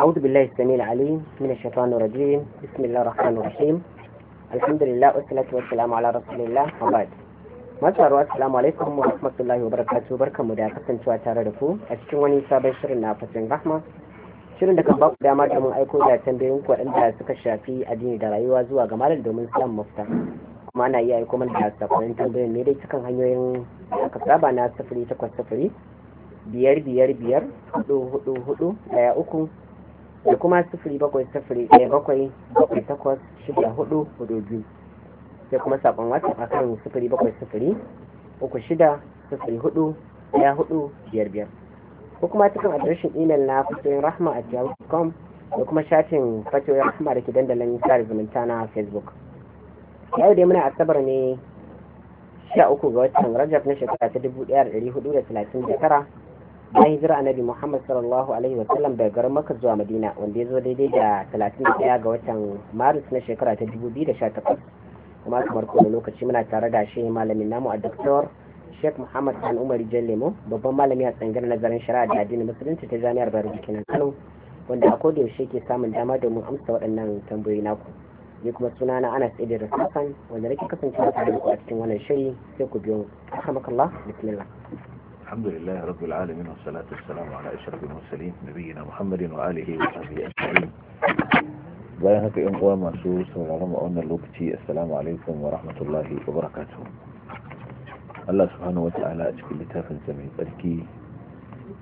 أعوذ بالله السميع العليم من الشيطان الرجيم بسم الله الرحمن الرحيم الحمد لله والصلاة والسلام على رسول الله وبعد Masu assalamu alaikum wa rahmatullahi wa barakatu barkanmu da kasancewa tare da ku a cikin wani sabon shirin na fasin rahma shirin da kan baku dama domin aiko da tambayoyin ku waɗanda suka shafi addini da rayuwa zuwa ga malam domin samun mafita kuma ana iya aiko mana da sakonin tambayoyin ne dai cikin hanyoyin aka saba na sifiri takwas sifiri biyar biyar biyar hudu hudu hudu ɗaya uku da kuma sifiri bakwai sifiri ɗaya bakwai bakwai takwas shida hudu hudu biyu sai kuma saƙon wata a kan sifiri bakwai sifiri uku shida sifiri hudu ɗaya hudu biyar biyar ko kuma cikin adireshin imel na fatoyin rahma a yahoo.com da kuma shafin fatoyin rahma da ke dandalin tsari zumunta na facebook yau dai muna asabar ne sha uku ga watan rajab na shekara ta dubu ɗaya da ɗari hudu da talatin da tara bayan hijira annabi Muhammad sallallahu alaihi wasallam daga garin Makka zuwa Madina wanda ya zo daidai da 31 ga watan Maris na shekara ta 2018 kuma kamar kowane lokaci muna tare da shi malamin namu a Dr. Sheikh Muhammad San Umar Jallemo babban malami a tsangar nazarin shari'a da addinin musulunci ta Jami'ar Bayero Bikinan Kano wanda a koda yaushe ke samun dama domin amsa waɗannan tambayoyi naku ni kuma suna na Anas da Hassan wanda nake kasancewa tare da ku a cikin wannan shiri sai ku biyo makalla bismillah الحمد لله رب العالمين والصلاة والسلام على أشرف المرسلين نبينا محمد وآله وصحبه أجمعين بيان هكا إنغوا مرسوس وعلم أن الوقتي السلام عليكم ورحمة الله وبركاته الله سبحانه وتعالى أشكل لتاف الزمين بلكي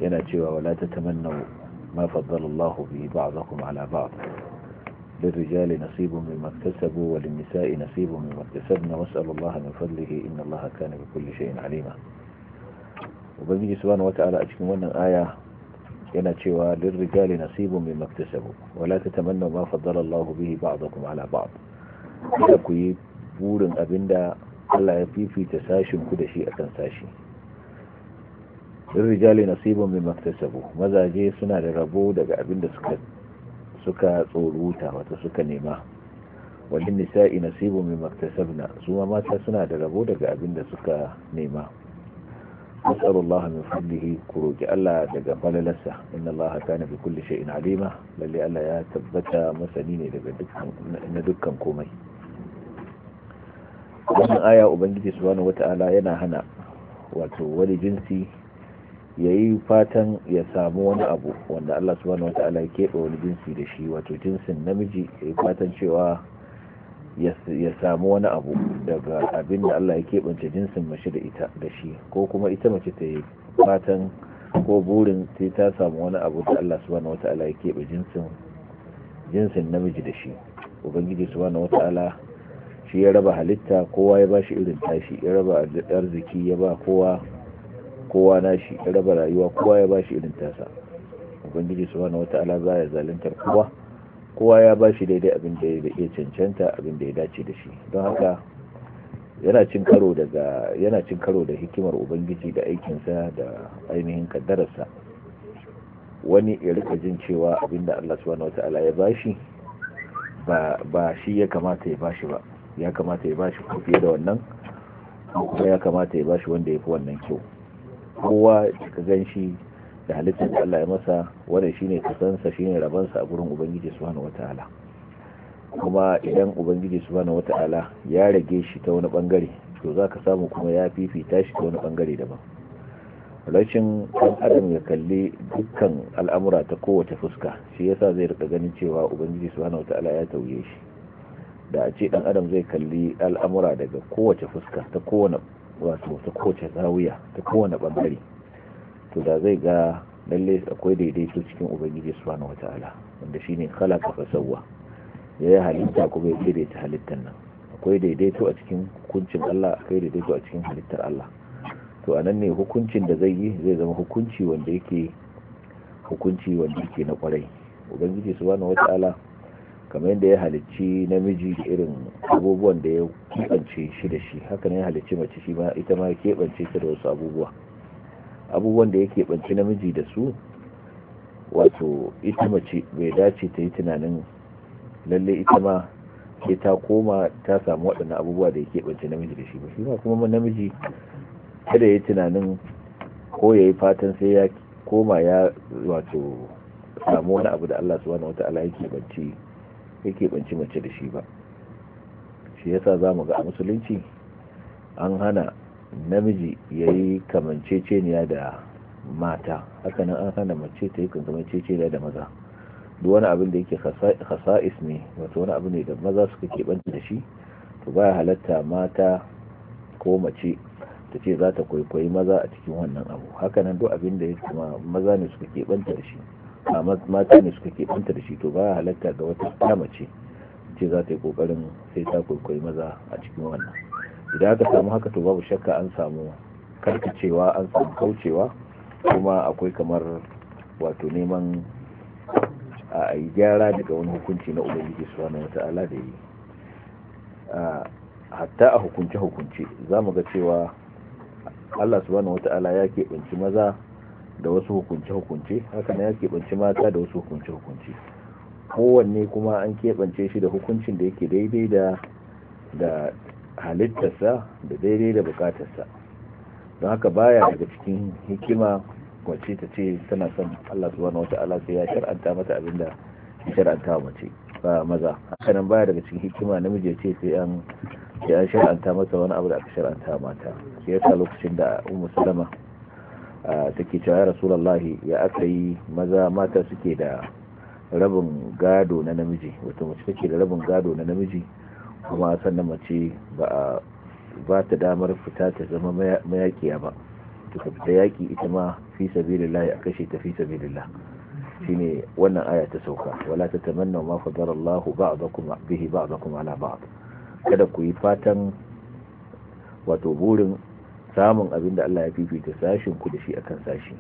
ينأجوا ولا تتمنوا ما فضل الله به بعضكم على بعض للرجال نصيب مما اكتسبوا وللنساء نصيب مما اكتسبنا واسأل الله من فضله إن الله كان بكل شيء عليما ubangiji wani wata'ala a cikin wannan aya yana cewa lirrijali nasibun mimma iktasabu wala tatamannu ma faddala Allahu bihi ba'dakum ala ba'd kada ku yi burin abinda Allah ya fifita sashin ku da shi akan sashi lirrijali nasibu mimma maktasabu mazaje suna da rabo daga abinda suka suka tsoruta wata suka nema walin nisa'i nasibu mimma maktasabna su ma mata suna da rabo daga abinda suka nema نسأل الله من فضله كروج ألا دقبل لسه إن الله كان في كل شيء عليمة للي ألا يا تبتا مسنين ندكا كومي wannan aya ubangiji subhanahu wata'ala yana hana wato wani jinsi yayi fatan ya samu wani abu wanda Allah subhanahu wata'ala ya keɓe wani jinsi da shi wato jinsin namiji ya yi fatan cewa ya samu wani abu daga abin da Allah ya keɓance jinsin mace da ita da shi ko kuma ita mace ta yi fatan ko burin sai ta samu wani abu da Allah subhanahu wata'ala ya keɓe jinsin jinsin namiji da shi ubangiji subhanahu wata'ala shi ya raba halitta kowa ya bashi irin tashi ya raba arziki ya ba kowa kowa nashi ya raba rayuwa kowa ya bashi irin tasa ubangiji subhanahu wata'ala za ya zalunta kowa kowa ya ba shi daidai abin da ya cancanta abin da ya dace da shi don haka yana cin karo da hikimar ubangiji da aikinsa da ainihin kaddararsa wani ya rika jin cewa abin da Allah subhanahu wataala ya bashi ba ba shi ya kamata ya bashi ba ya kamata ya shi ko da wannan kuma ya kamata ya bashi wanda ya fi wannan kyau kowa ka gan shi da halittar da Allah ya masa wannan shine kasansa shine rabansa a gurin ubangiji subhanahu wataala kuma idan ubangiji subhanahu wataala ya rage shi ta wani bangare to zaka samu kuma ya fifita shi ta wani bangare daban rashin ɗan adam ya kalli dukkan al'amura ta kowace fuska shi yasa zai rika ganin cewa ubangiji subhanahu wataala ya tauye shi da a ce ɗan adam zai kalli al'amura daga kowace fuska ta kowace zawiya ta kowace bangare to da zai ga lalle akwai daidaito cikin ubangiji subhanahu wataala wanda shine khalaqa fa sawwa ya yi halitta kuma ya daidaita halittar nan akwai daidaito a cikin hukuncin Allah akwai daidaito a cikin halittar Allah to anan ne hukuncin da zai yi zai zama hukunci wanda yake hukunci wanda yake na kwarai ubangiji subhanahu wataala kamar yadda ya halicci namiji da irin abubuwan da ya kebance shi da shi haka ne ya halicci mace shi ma ita ma ya keɓance ta da wasu abubuwa abubuwan da yake banci namiji da su wato ita mace bai dace ta yi tunanin lalle ita ma ke ta koma ta samu waɗannan abubuwa da yake banci namiji da shi ba shi ma kuma namiji kada ya yi tunanin ko ya yi fatan sai ya koma ya wato samu wani abu da Allah subhanahu wata'ala yake banci yake banci mace da shi ba shi yasa zamu ga a musulunci an hana namiji ya yi kamanceceniya da mata hakanan an hana mace ta yi kamanceceniya da maza duk wani abin da yake hasa'is ne wato wani abu ne da maza suka keɓanta da shi to baya halatta mata ko mace ta ce za ta kwaikwayi maza a cikin wannan abu hakanan duk abin da ya kuma maza ne suka keɓanta da shi a mata ne suka keɓanta da shi to baya halatta ga wata mace ce za ta yi ƙoƙarin sai ta kwaikwayi maza a cikin wannan idan aka samu haka to babu shakka an samu karkacewa an samu kaucewa kuma akwai kamar wato neman a yi gyara daga wani hukunci na ubangiji su wani ala da yi hatta a hukunce-hukunce za mu ga cewa allah su wani ala ya keɓanci maza da wasu hukunce-hukunce hakan ya keɓanci mata da wasu hukunce-hukunce kowanne kuma an keɓance shi da hukuncin da yake daidai da halittarsa da daidai da bukatarsa don haka baya daga cikin hikima wacce ta ce tana son Allah subhanahu wata'ala sai ya shar'anta mata abinda ya shar'anta mace ba maza hakanan baya daga cikin hikima namiji ce sai an ya shar'anta mata wani abu da aka shar'anta mata sai ya lokacin da ummu salama take cewa ya rasulullahi ya aka yi maza mata suke da rabin gado na namiji wato mace take da rabin gado na namiji kuma sannan mace ba a ba ta damar fita ta zama mayakiya ba to ka fita yaki ita ma fi sabilillah a kashe ta fi sabilillah shine wannan aya ta sauka wala ta tamanna ma fadara Allahu ba'dakum bihi ba'dakum ala ba'd kada ku yi fatan wato burin samun abin da Allah ya fifita sashin ku da shi akan sashi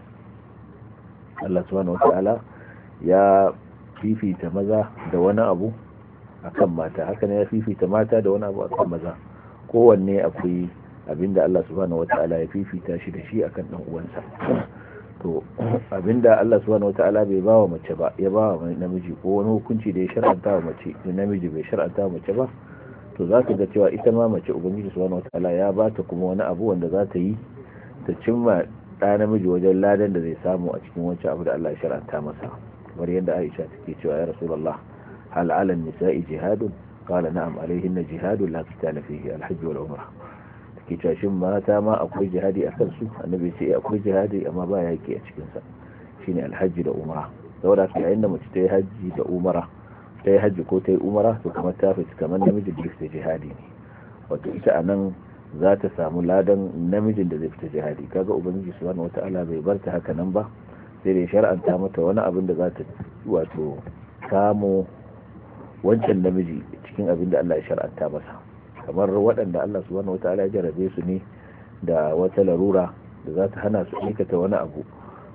Allah subhanahu ta'ala ya fifita maza da wani abu akan mata haka ne ya fifita mata da wani abu akan maza kowanne akwai abinda Allah subhanahu wata'ala ya fifita shi da shi akan dan uwansa to abinda Allah subhanahu wata'ala bai bawa mace ba ya bawa namiji ko wani hukunci da ya shar'anta wa mace da namiji bai shar'anta wa mace ba to za ka ga cewa ita ma mace ubangiji subhanahu wata'ala ya ba ta kuma wani abu wanda za ta yi ta cimma ɗa namiji wajen ladan da zai samu a cikin wancan abu da Allah ya shar'anta masa kamar yadda Aisha take cewa ya Rasulullah هل على النساء جهاد قال نعم عليهن جهاد لا قتال فيه الحج والعمرة kitashin mata ma akwai jihadi a kansu annabi ce akwai jihadi amma ba ya yaki a cikinsa shine alhaji da umara saboda ka yayin da mace ta yi haji da umara ta yi haji ko ta umara to kamar ta fita kamar namiji da fita jihadi ne wato ita a nan za ta samu ladan namijin da zai fita jihadi kaga ubangiji subhanahu wataala bai bar haka nan ba sai dai shar'anta mata wani abin da za ta wato samu wancan namiji cikin abin da Allah ya shar'anta masa kamar waɗanda Allah subhanahu wataala ya jarabe su ne da wata larura da za ta hana su aikata wani abu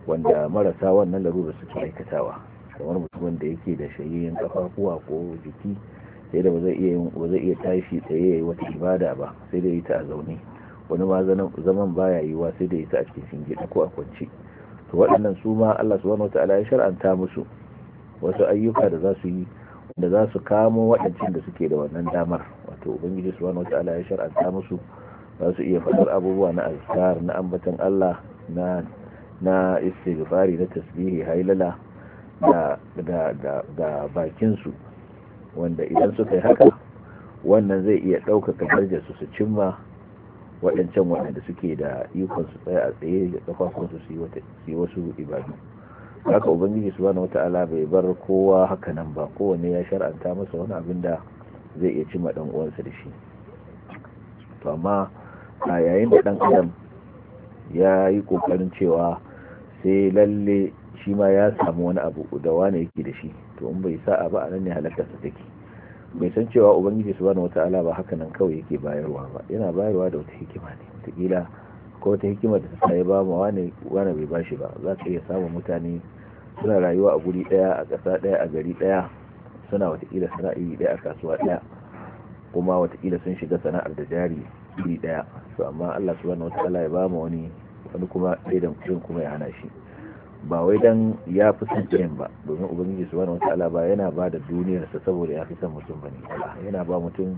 wanda marasa wannan larura suke aikatawa kamar mutumin da yake da shayayyen kafafuwa ko jiki sai da ba zai iya tashi tsaye ya yi wata ibada ba sai da yi ta a zaune wani ma zaman baya yiwa sai da yi ta a cikin shinge ko a kwance to waɗannan su ma Allah subhanahu wataala ya shar'anta musu wasu ayyuka da za su yi da za su kamo waɗancan da suke da wannan damar wato ubangiji su wani wata'ala ya shar'anta musu za su iya faɗar abubuwa na azkar na ambatan Allah na na istighfari na tasbihi hailala da da bakin su wanda idan suka yi haka wannan zai iya ɗaukaka darajar su su cimma waɗancan waɗanda suke da ikon su tsaya a tsaye da kafafunsu su yi wasu ibadu haka ubangiji su wata ala bai bar kowa haka nan ba kowane ya shar'anta masa wani abin da zai iya cima dan uwansa da shi to amma a yayin da dan adam ya yi kokarin cewa sai lalle shi ma ya samu wani abu da wani yake da shi to in bai sa'a ba a nan ne halakarsa take bai san cewa ubangiji su wata ala ba haka nan kawai yake bayarwa ba yana bayarwa da wata hikima ne wataƙila ko wata hikima da ta ya ba mu wane wane bai bashi ba za ka iya samun mutane suna rayuwa a guri daya a ƙasa daya a gari daya suna watakila sana'iri daya a kasuwa daya kuma watakila sun shiga sana'ar da jari iri daya su amma Allah wata ala ya ba mu wani wani kuma da mutum kuma ya hana shi ba wai dan ya fi son jiyan ba domin ubangiji wata ala ba yana ba da duniyarsa saboda ya fi son mutum ba bane yana ba mutum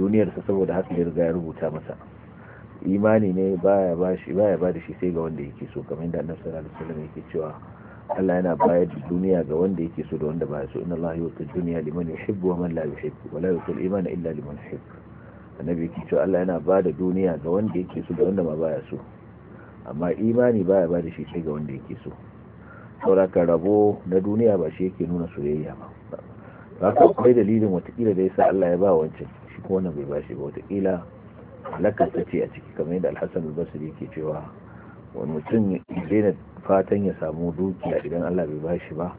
duniyarsa saboda haka ya riga ya rubuta masa imani ne baya ba shi baya ba da shi sai ga wanda yake so kamar yadda annabi sallallahu alaihi wasallam yake cewa Allah yana bayar da duniya ga wanda yake so da wanda baya so inna Allah yuti dunya liman yuhibbu wa man la yuhibbu wa la yuti al-imana illa liman yuhibb annabi yake cewa Allah yana ba da duniya ga wanda yake so da wanda ba baya so amma imani baya ba da shi sai ga wanda yake so sauraka rabo na duniya ba shi yake nuna soyayya ba Ba ka akwai dalilin watakila da yasa Allah ya ba wancan shi ko wannan bai ba shi ba watakila halakar ta ce a ciki kamar yadda alhassan albasiri ke cewa wani mutum zai daina fatan ya samu dukiya idan allah bai ba shi ba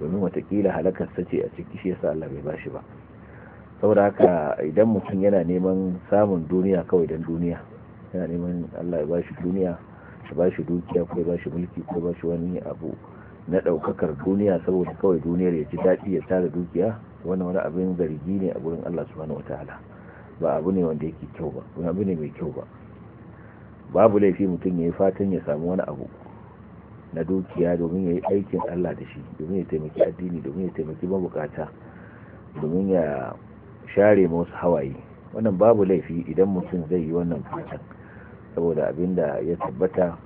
domin watakila halakar ta ce a ciki shi yasa allah bai ba shi ba saboda haka idan mutum yana neman samun duniya kawai don duniya yana neman allah ya ba shi duniya ya ba shi dukiya ko ya ba shi mulki ko ya ba shi wani abu na ɗaukakar duniya saboda kawai duniyar ya ji daɗi ya tara dukiya wani wani abin zargi ne a gurin allah subhanahu wataala ba abu ne wanda yake kyau ba ba abu ne mai kyau ba babu laifi mutum ya yi fatan ya samu wani abu na dukiya domin ya yi aikin Allah da shi domin ya taimaki addini domin ya taimaki mabukata domin ya share masu hawaye wannan babu laifi idan mutum zai yi wannan fatan saboda abin da ya tabbata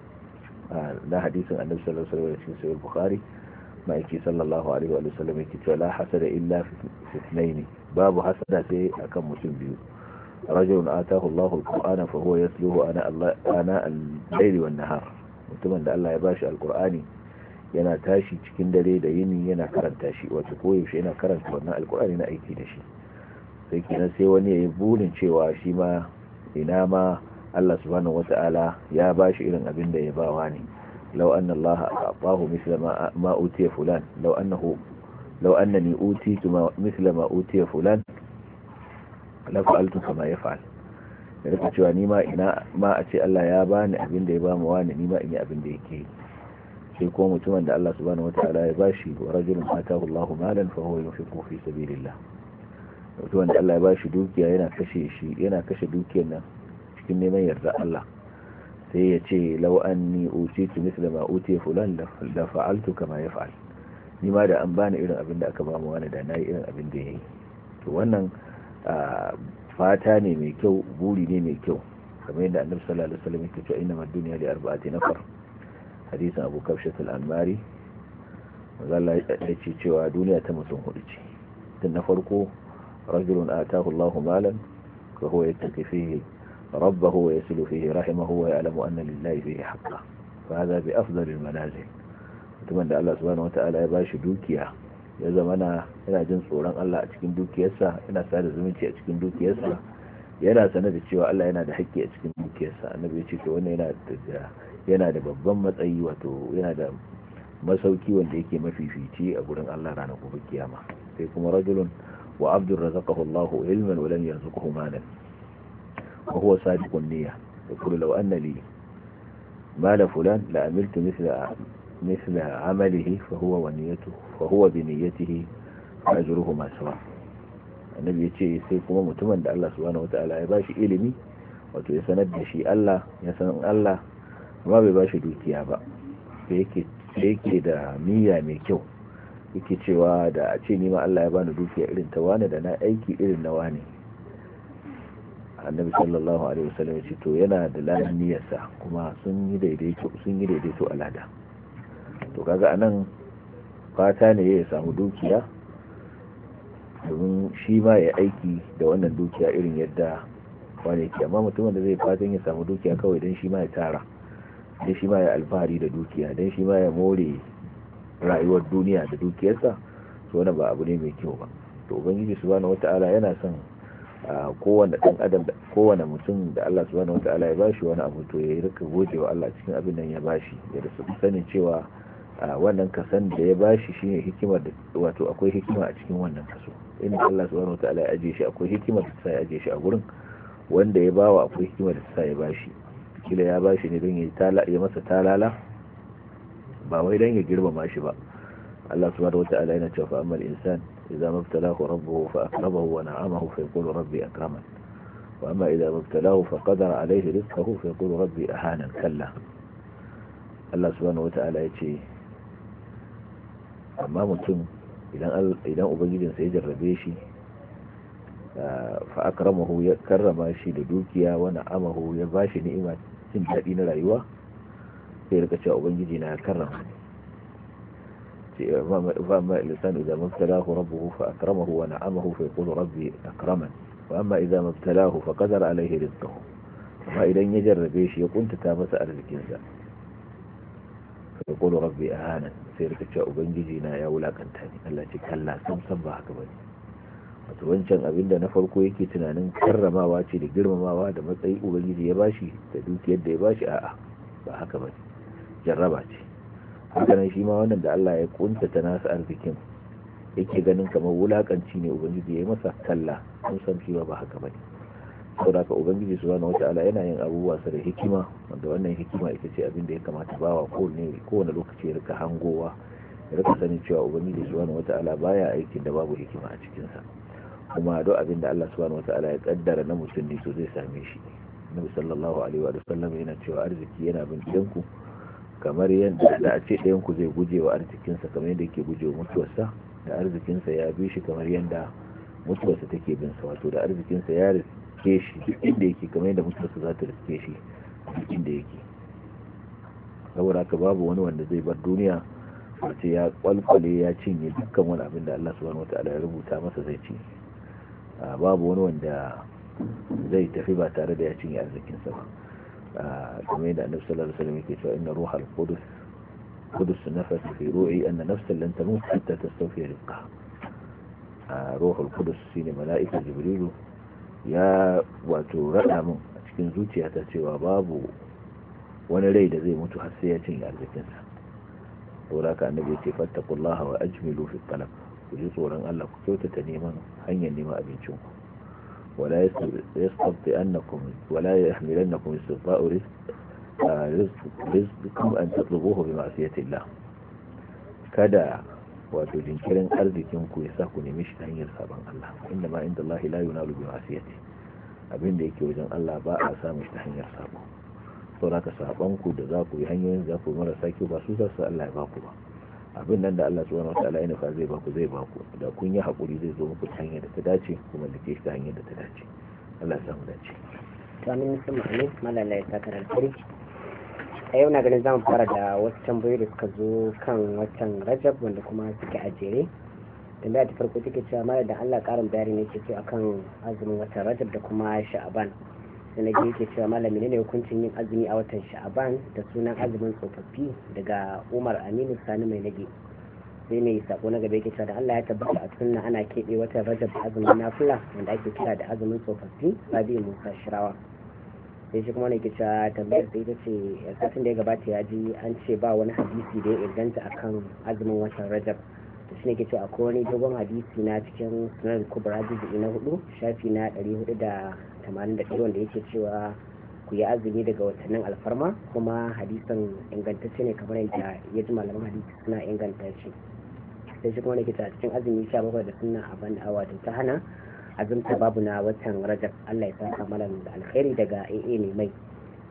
na hadisin annabi sallallahu alaihi wasallam cikin sahih bukhari sallallahu alaihi wasallam yake cewa la hasada illa fi babu hasada sai akan mutum biyu rajulun atahu Allahu al-Qur'ana fa huwa yatluhu ana Allah ana al-layli wan nahar mutumin da Allah ya bashi al-Qur'ani yana tashi cikin dare da yini yana karanta shi wato koyaushe yana karanta wannan al-Qur'ani na aiki da shi sai kenan sai wani yi burin cewa shi ma ina ma Allah subhanahu wata'ala ya bashi irin abin da ya bawa ne law anna Allah a'tahu mithla ma utiya fulan law annahu law annani utitu ma utiya fulan la fa'altu ya yaf'al da rika cewa ni ma ina ma a ce Allah ya bani abin da ya mu wani ni ma in yi abin da yake sai kuma mutumin da Allah subhanahu wataala ya bashi wa rajulun mata Allahu malan fa huwa yunfiqu fi sabilillah mutumin da Allah ya bashi dukiya yana kashe shi yana kashe dukiyar nan cikin neman yarda Allah sai ya ce law anni utitu mithla ma utiya fulan la fa'altu kama yaf'al ni ma da an bani irin abin da aka bamu wani da nayi irin abin da yayi to wannan fata ne mai kyau buri ne mai kyau kamar yadda annabi sallallahu alaihi wasallam yake cewa inna ad-dunya li arba'ati nafar hadisin Abu Kafshat al-Anmari Allah ya ce cewa duniya ta mutum hudu ce tun na farko rajulun atahu Allahu malan fa huwa yattaqi fihi rabbahu wa yasilu fihi rahimahu wa ya'lamu anna lillahi fihi haqqan fa hadha bi afdalil manazil mutumin da Allah subhanahu wata'ala ya bashi dukiya ya zama na yana jin tsoron Allah a cikin dukiyarsa yana sa da zumunci a cikin dukiyarsa yana sanar da cewa Allah yana da haƙƙi a cikin dukiyarsa annabi ya ce to wannan yana da babban matsayi wato yana da masauki wanda yake mafifici a gurin Allah ranar gobe kiyama sai kuma rajulun wa abdur razaqahu Allah ilman wa lam yarzuqhu malan wa huwa sadiqun niyya yaqulu law anna li mala fulan la amiltu mithla مثل عمله فهو ونيته فهو بنيته annabi ya ce sai kuma mutumin da Allah subhanahu wataala ya bashi ilimi wato ya sanar da shi Allah ya san Allah amma bai bashi dukiya ba da yake da niyya mai kyau yake cewa da a ce ni Allah ya bani dukiya irin ta wani da na aiki irin na wani annabi sallallahu alaihi ya ce to yana da ladan niyyarsa kuma sun yi daidaito sun yi daidaito alada to kaga anan fata ne ya samu dukiya domin shi ma ya aiki da wannan dukiya irin yadda wani ke amma mutumin da zai fatan ya samu dukiya kawai don shi ma ya tara don shi ma ya alfahari da dukiya don shi ma ya more rayuwar duniya da dukiyarsa su wannan ba abu ne mai kyau ba to ubangiji subhanahu wata'ala yana son kowane dan adam kowane mutum da Allah subhanahu wata'ala ya bashi wani abu to ya rika wa Allah cikin abin nan ya bashi ya da sanin cewa a wannan kasan da ya bashi shine hikimar da wato akwai hikima a cikin wannan kaso inda Allah subhanahu wataala ya aje shi akwai hikimar da ta ya aje shi a gurin wanda ya bawa akwai hikimar da ta ya bashi kila ya bashi ne don ya masa talala ba wai don ya girmama shi ba Allah subhanahu wataala yana cewa fa amma al-insan idza mabtalahu rabbuhu fa akramahu wa na'amahu fa yaqulu rabbi akraman wa amma idza mabtalahu fa qadara alayhi rizqahu fa yaqulu rabbi ahanan kalla Allah subhanahu wataala ya ce amma mutum idan ubangijinsa ya jarrabe shi ah, fa'akaramahu ya karrama shi da dukiya wani amahu ya ba shi ni'ima jin daɗi na rayuwa sai rika cewa ubangiji na karrama ce ba ma lisan idan mabtalahu rabbuhu fa akramahu wa na'amahu fa yaqulu rabbi akraman wa amma idan mabtalahu fa qadara alaihi rizqahu amma idan ya jarrabe shi ya kuntata masa arzikinsa sai rabbi ahana sai rika cewa ubangiji na ya wulakanta ni Allah ce kalla sam sam ba haka bane wato wancan abin da na farko yake tunanin karramawa ce da girmamawa da matsayi ubangiji ya bashi da dukiyar da ya bashi a'a ba haka bane jarraba ce haka nan shi ma wannan da Allah ya kunta ta nasa arzikin yake ganin kamar wulakanci ne ubangiji ya yi masa kalla sun san ba haka bane saboda ka ubangiji subhanahu wata yana yin abubuwa su da hikima wanda wannan hikima ita ce abin da ya kamata bawa wa kowane lokaci ya rika hangowa ya rika sanin cewa ubangiji su ala ba baya aikin da babu hikima a cikinsa sa kuma duk abin da Allah wata ala ya kaddara na mutum ne to zai same shi Nabi sallallahu alaihi wa sallam yana cewa arziki yana bin ɗanku kamar yadda da a ce dayan ku zai guje wa arzikinsa kamar yadda yake guje wa mutuwarsa da arzikinsa ya bi shi kamar yadda mutuwarsa take bin sa wato da arzikinsa ya riske shi duk inda yake kamar yadda mutuwarsa za ta riske shi duk inda yake saboda haka babu wani wanda zai bar duniya ce ya kwalkwale ya cinye dukkan wani abin da Allah subhanahu wataala ya rubuta masa zai ci ah, babu wani wanda zai tafi ba tare da ya cinye arzikinsa ba ah, kamar yadda annabi sallallahu alaihi wasallam yake cewa inna ruhal qudus qudus nafasa fi ru'i anna nafsan lan tamut hatta tastawfi rizqaha ah, ruhul qudus shine mala'ikar jibrilu ya wato rada min a cikin zuciya ta cewa babu wani rai da zai mutu har sai ya cinye arzikinsa saboda ka annabi ya ce fattakullah wa ajmilu fi talab ku ji tsoron Allah ku kyautata neman hanyar neman abincin ku wala yastabti annakum wala yahmilannakum istifa'u rizqakum an tatlubuhu bi ma'siyati Allah kada wato jinkirin arzikin ku ya sa ku nemi shi ta hanyar sabon Allah inda ma inda Allah la yunalu bi ma'siyati abin da yake wajen Allah ba a samu shi ta hanyar sabo da ka sabon ku da za ku yi hanyoyin za ku marasa kyau ba su za su Allah ya ba ku ba abin nan da Allah subhanahu wataala ya nufa zai baku zai baku da kun yi hakuri zai zo muku ta hanyar da ta dace kuma da ke ta hanyar da ta dace Allah ya samu dace. Kamin musamman ne malala ya takar a yau na ganin zamu fara da wasu tambayoyi da suka zo kan watan rajab wanda kuma suke a jere tambaya ta farko take cewa mara da allah karin bayani ne ke cewa kan azumin watan rajab da kuma sha'aban sai ke yake cewa malami ne hukuncin yin azumi a watan sha'aban da sunan azumin tsofaffi daga umar aminu sani mai nage sai mai sako na gaba yake cewa da allah ya tabbata a sunna ana keɓe watan rajab da azumin nafila wanda ake kira da azumin tsofaffi rabi musa shirawa sai shi kuma ne ke cewa tambayar sai ita ce satin da ya gabata ya ji an ce ba wani hadisi da ya inganta akan azumin watan rajab to shi ne ke cewa akwai wani dogon hadisi na cikin sunan kubra juz'i na hudu shafi na ɗari hudu da tamanin da ɗaya wanda yake cewa ku yi azumi daga watannin alfarma kuma hadisin ingantacce ne kamar yadda ya ji malaman hadisi suna inganta shi sai shi kuma ne ke cewa cikin azumi sha bakwai da suna abin da awa ta hana azumta babu na watan rajab Allah ya saka malam da alkhairi daga AA ne mai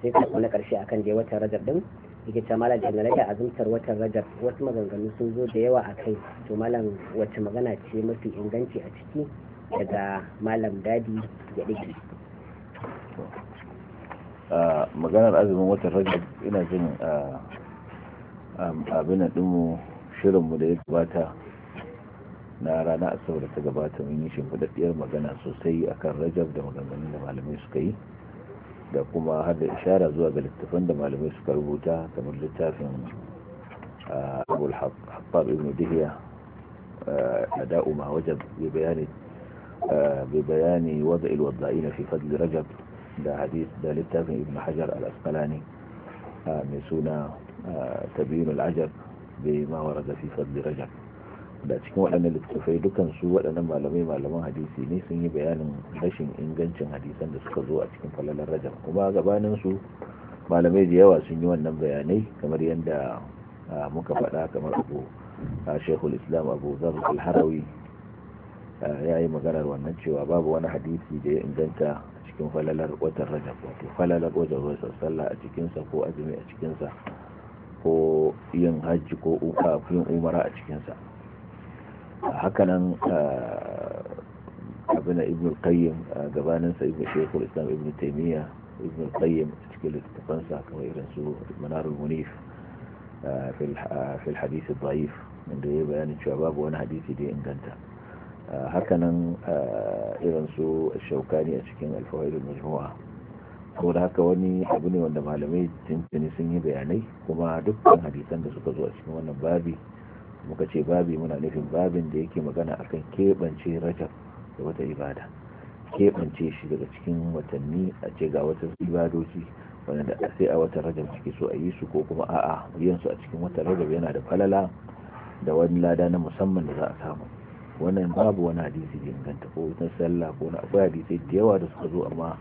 sai ka na karshe akan da watan rajab din yake ta malam da da azumtar watan rajab wasu maganganu sun zo da yawa a kai to malam wacce magana ce mafi inganci a ciki daga malam dadi ya ɗige maganar azumin watan rajab ina jin abin shirin shirinmu da ya gabata na rana asabar da ta gabata mun yi shimfiɗaɗɗiyar magana sosai akan rajab da maganganun da malamai suka yi da kuma har da ishara zuwa ga littafin da malamai suka rubuta kamar littafin abu al-hattab ibn dihiya a da'uma wajen bai bayani wadda ilwadda'i na fi fadli rajab da hadis da littafin ibn hajar al-asqalani mai suna tabiyin al-ajab bai ma warada fi fadli rajab da cikin waɗannan littattafai dukkan su waɗannan malamai malaman hadisi ne sun yi bayanin rashin ingancin hadisan da suka zo a cikin falalar rajab kuma gabanin su malamai da yawa sun yi wannan bayanai kamar yadda muka faɗa kamar abu shekul islam abu zar alharawi ya yi maganar wannan cewa babu wani hadisi da ya inganta cikin falalar watan rajab wato falalar wajen wasan sallah a cikinsa ko azumi a cikinsa ko yin hajji ko umara a cikinsa hakanan eh, abin da ibn qayyim eh, gabaninsa ibn shekul islam ibn taimiyya ibn qayyim cikin littafansa kamar irin su al munif eh, fil al da'if inda ya bayanin cewa babu wani hadisi da ya inganta hakanan irin su shaukani a cikin alfawaidu majmu'a saboda haka wani abu ne wanda malamai tuntuni sun yi bayanai kuma dukkan hadisan da suka zo a cikin wannan babi muka ce babi muna nufin babin da yake magana akan keɓance rajab da wata ibada keɓance shi daga cikin watanni a ce ga wata ibadoci wanda sai a wata rajab ciki so a yi su ko kuma a'a yin su a cikin wata rajab yana da falala da wani lada na musamman da za a samu wannan babu wani hadisi da inganta ko na sallah ko na akwai hadisai da yawa da suka zo amma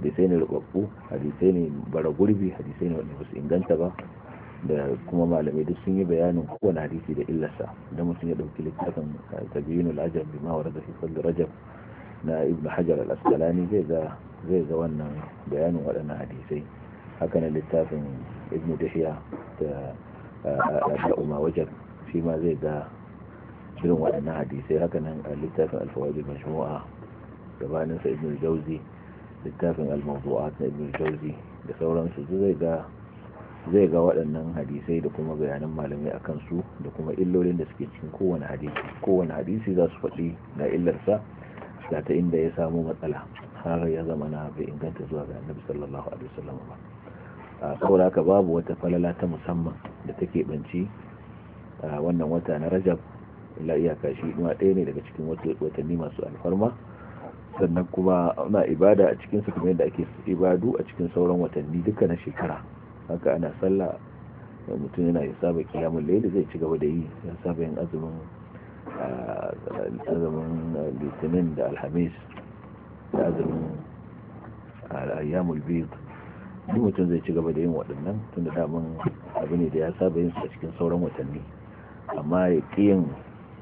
hadisai ne rubabbu hadisai ne bara gurbi hadisai ne wanda ba su inganta ba da kuma malamai duk sun yi bayanin kowane hadisi da illarsa idan mutum ya ɗauki littafin eh, tabiyunul ajab bi ma warada fi fadl rajab na ibnu hajar al zai ga zai ga wannan bayanin waɗannan hadisai haka na littafin ibnu dahiya da da eh, umma wajen shi ma zai ga irin waɗannan hadisai haka nan eh, littafin al-fawaid majmu'a gabanin sa littafin al-mawdu'at na ibnu jauzi da sauransu zai ga zai ga waɗannan hadisai da kuma bayanan malamai a kansu da kuma illolin da suke cikin kowane hadisi kowane hadisi za su faɗi ga illarsa ga ta inda ya samu matsala har ya zama na bai inganta zuwa ga annabi sallallahu alaihi wasallam ba a saboda haka babu wata falala ta musamman da take banci wannan wata na rajab illa iyaka shi ma ɗaya ne daga cikin watanni masu alfarma sannan kuma na ibada a cikin su kuma yadda ake ibadu a cikin sauran watanni duka na shekara haka ana sallah da mutum yana ya saba kiyamun laili zai ci gaba da yi ya saba yin azumin litinin da alhamis da azumin al'ayyamul biyu duk mutum zai ci gaba da yin waɗannan tun da damun abu ne da ya saba yin a cikin sauran watanni amma ya yin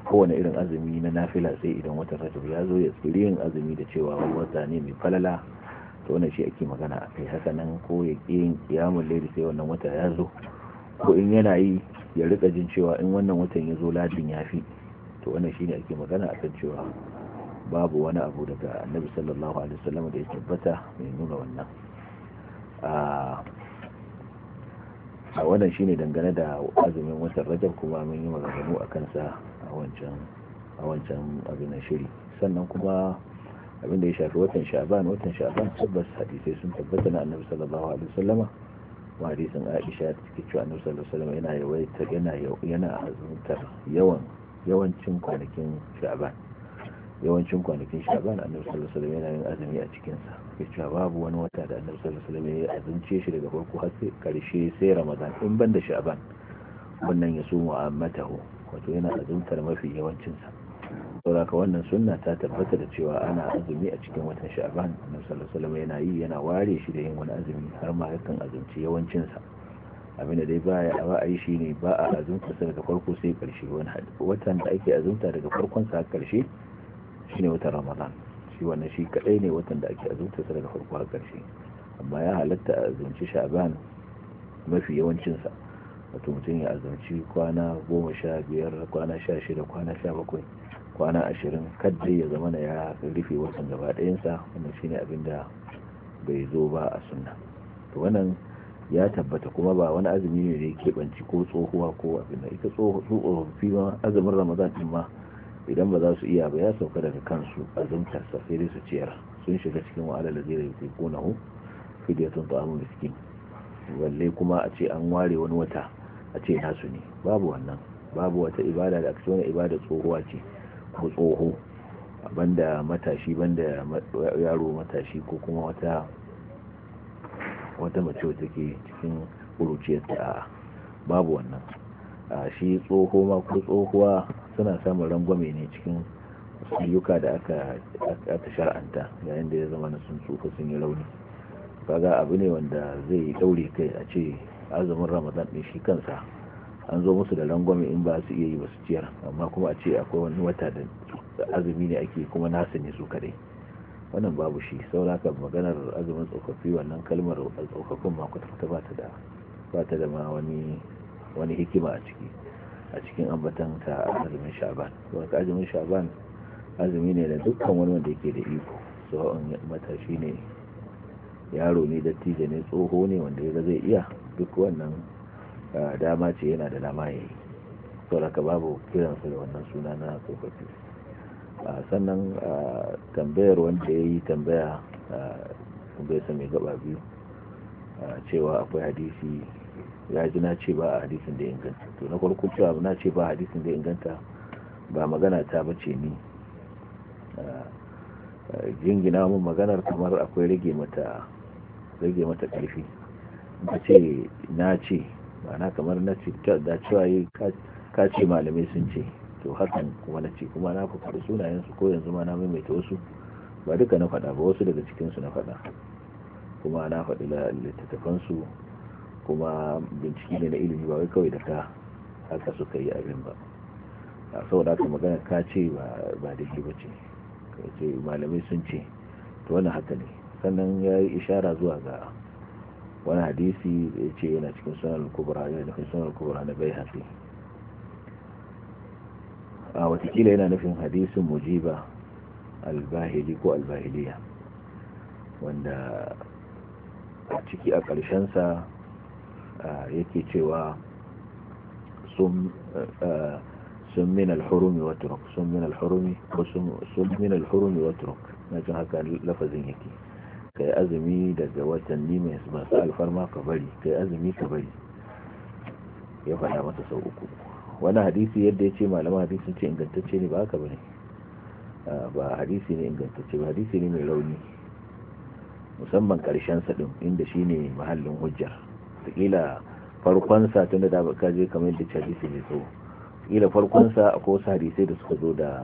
kowane irin azumi na nafila sai idan watan rajab ya zo ya tsiri yin azumi da cewa wata ne mai falala to wannan shi ake magana a kai haka nan ko ya yin kiyamun lairi sai wannan wata ya zo ko in yana yi ya rika jin cewa in wannan watan ya zo ladin ya fi to wannan ne ake magana a kan cewa babu wani abu daga annabi sallallahu alaihi wasallam da ya tabbata mai nuna wannan a wannan ne dangane da azumin watan rajab kuma mun yi maganganu a kansa a wancan abin na shiri sannan kuma abinda ya shafi watan sha'ban watan sha'ban tabbas hadisai sun tabbata na annabi sallallahu alaihi wasallam wa hadisin aisha cikin cewa annabi sallallahu alaihi wasallam yana yawaita yana yana azumtar yawan yawancin kwanakin sha'ban yawancin kwanakin sha'ban annabi sallallahu alaihi wasallam yana yin azumi a cikin sa take cewa babu wani wata da annabi sallallahu alaihi wasallam ya azumce shi daga farko har sai karshe sai ramadan in banda sha'ban wannan ya sumu mu'ammatahu wato yana azumtar mafi yawancin sa sauraka wannan sunna ta tabbata da cewa ana azumi a cikin watan sha'ban annabi sallallahu alaihi yana yi yana ware shi da yin wani azumi har ma yakan azumci yawancin sa abin da dai baya a ra'ayi shine ba a azumta sa daga farko sai karshe watan da ake azumta daga farkon sa karshe shine watan ramadan shi wannan shi kadai ne watan da ake azumta sa daga farko har karshe amma ya halatta a azumci sha'ban mafi yawancin sa wato mutum ya azumci kwana goma sha biyar kwana sha shida kwana sha bakwai kwana ashirin kadai ya zama na ya rufe watan gaba ɗayansa wannan shine abin da bai zo ba a sunna to wannan ya tabbata kuma ba wani azumi ne da yake banci ko tsohuwa ko abin da ita tsofaffi ma azumin ramadan din ma idan ba za su iya ba ya sauka daga kansu azumtar sa sai su ciyar sun shiga cikin wahalar da zai ko konahu miskin balle kuma a ce an ware wani wata a ce nasu ne babu wannan babu wata ibada da aka ce wani ibada tsohuwa ce ko tsoho banda matashi banda yaro matashi ko kuma wata wata mace wata ke cikin ƙuruciyarta a babu wannan a shi tsoho ma ko tsohuwa suna samun rangwame ne cikin ayyuka da aka ta shar'anta yayin da ya zama na sun tsufa sun yi rauni kaga abu ne wanda zai daure kai a ce azumin ramadan din shi kansa an zo musu da rangwame in ba su iya yi ba su ciyar amma kuma a ce akwai wani wata da azumi ne ake kuma nasu ne su kadai wannan babu shi sauraka maganar azumin tsofaffi wannan kalmar tsofaffin ma kwata ba ta da ba da ma wani wani hikima a ciki a cikin ambatan ta azumin sha'ban saboda azumin sha'ban azumi ne da dukkan wani wanda yake da iko an matashi ne yaro ne dattijo ne tsoho ne wanda ya zai iya duk wannan dama ce yana da dama ya yi sauraka babu su da wannan suna na tsofaffi sannan tambayar wanda ya yi tambaya tambayarsa mai gaba biyu cewa akwai hadisi ya ji na ce ba a hadisin da inganta to na kwarku cewa na ce ba a hadisin da inganta ba magana ta bace ni jingina mun maganar kamar akwai rage mata rage mata ce na ce mana kamar na ce da cewa yi kace malamai sun ce to hakan kuma na ce kuma na faɗi sunayen ko yanzu ma na maimaita wasu ba duka na faɗa ba wasu daga cikin su na faɗa kuma na faɗi littattafansu su kuma bincike ne na ilimi ba wai kawai da ka haka suka yi abin ba da aka magana ka ba da ke ba ce ka ce malamai sun ce to wannan haka ne sannan ya yi ishara zuwa ga wani hadisi ya ce yana cikin sunan kubra yana nufin sunan kubra na bai haƙi a watakila yana nufin hadisin mujiba albahili ko albahiliya wanda a ciki a ƙarshensa yake cewa sun min alhurumi watruk sun min alhurumi sun min alhurumi watruk na jin haka lafazin yake ka yi azumi daga watanni masu alfarma ka bari ka azumi ka bari ya faɗa masa sau uku wani hadisi yadda ya ce malama hadisin ce ingantacce ne ba haka ba ba hadisi ne ingantacce ba hadisi ne mai rauni musamman karshen sa din inda shine mahallin hujjar takila farkon sa tunda da ka je kamar yadda hadisi ne so takila farkon sa akwai wasu hadisai da suka zo da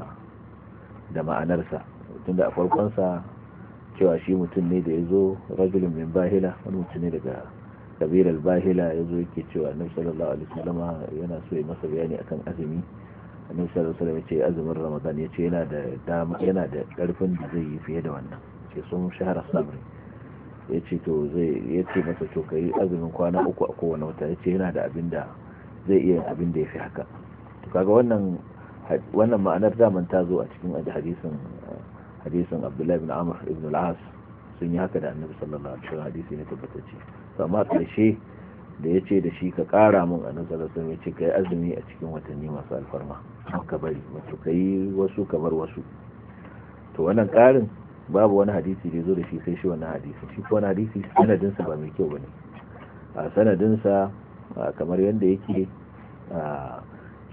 da ma'anar sa tunda a farkon sa cewa shi mutum ne da ya zo rajulun min bahila wani mutum ne daga kabilar bahila ya zo yake cewa annabi sallallahu alaihi wasallam yana so ya masa bayani akan azumi annabi sallallahu alaihi wasallam ya ce azumin ramadan ya ce yana da dama yana da karfin da zai yi fiye da wannan ce sun shahara sabri ya ce to zai ya ce masa to azumin kwana uku a kowane wata ya ce yana da abin da zai iya abin da ya fi haka to kaga wannan ma'anar daman ta zo a cikin hadisin hadisin abdullahi bin amur ibn al'as sun yi haka da annabi sallallahu alaihi wasallam hadisi ne tabbatacce to amma karshe da ya ce da shi ka kara mun a nasarar sun yace ka yi azumi a cikin watanni masu alfarma ka bari wato ka yi wasu bar wasu to wannan karin babu wani hadisi da ya zo da shi sai shi wannan hadisi shi ko wani hadisi sanadinsa ba mai kyau ba ne a sanadinsa kamar yadda yake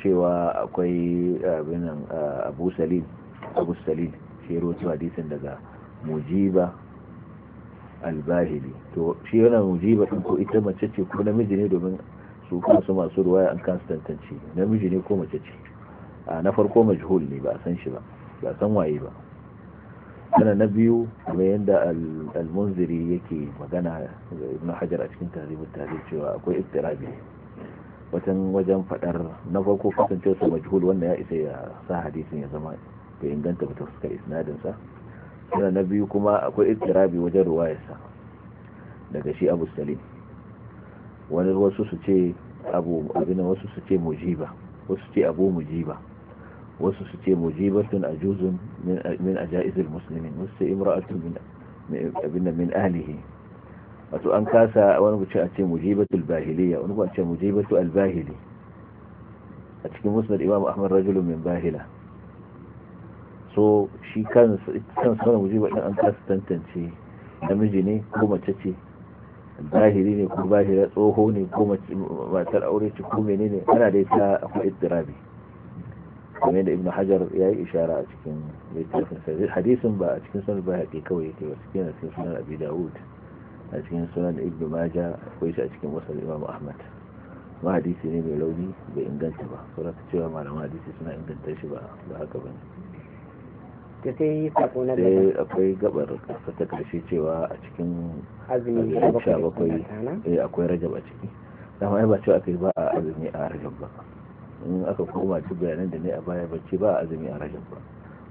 cewa akwai abinan abu abu salim shi rawaito hadisin daga mujiba albahili to shi yana mujiba din ko ita mace ce ko namiji ne domin su su masu ruwaya an kansu namiji ne ko mace ce a na farko majhul ne ba san shi ba ba san waye ba kana na biyu kamar yanda almunziri yake magana ga ibn hajar a cikin tarihin tarihi cewa akwai istirabi wajen wajen fadar na farko kasancewa majhul wanda ya isa ya sa hadisin ya zama bai inganta ba ta fuskar isnadinsa sannan na biyu kuma akwai ittirabi wajen ruwayarsa daga shi abu salim wani wasu su ce abu abin wasu su ce mujiba wasu ce abu mujiba wasu su ce mujibatun ajuzun min ajaizil muslimin wasu ce imra'atun min abin min ahlihi wato an kasa wani ce a ce mujibatul bahiliya wani ce mujibatu bahili a cikin musnad imam ahmad rajulun min bahila so shi kan sanar guji ba an kasa tantance namiji ne ko mace ce zahiri ne ko bahira tsoho ne ko matar aure ce ko menene ana dai ta akwai ittirabi kamar yadda ibn hajar ya yi ishara a cikin littafin sai hadisin ba a cikin sunan ke kawai yake ba cikin cikin sunan abi dawud a cikin sunan ibn maja akwai shi a cikin wasan imam ahmad ma hadisi ne mai launi bai inganta ba saboda cewa malaman hadisi suna inganta shi ba ba haka bane da sai sako na akwai gabar ta karshe cewa a cikin azumi bakwai eh, akwai rajab a ciki da ma ba cewa akai ba a azumi a rajab ba in aka koma duk bayanan da ne a baya ce ba a azumi a rajab ba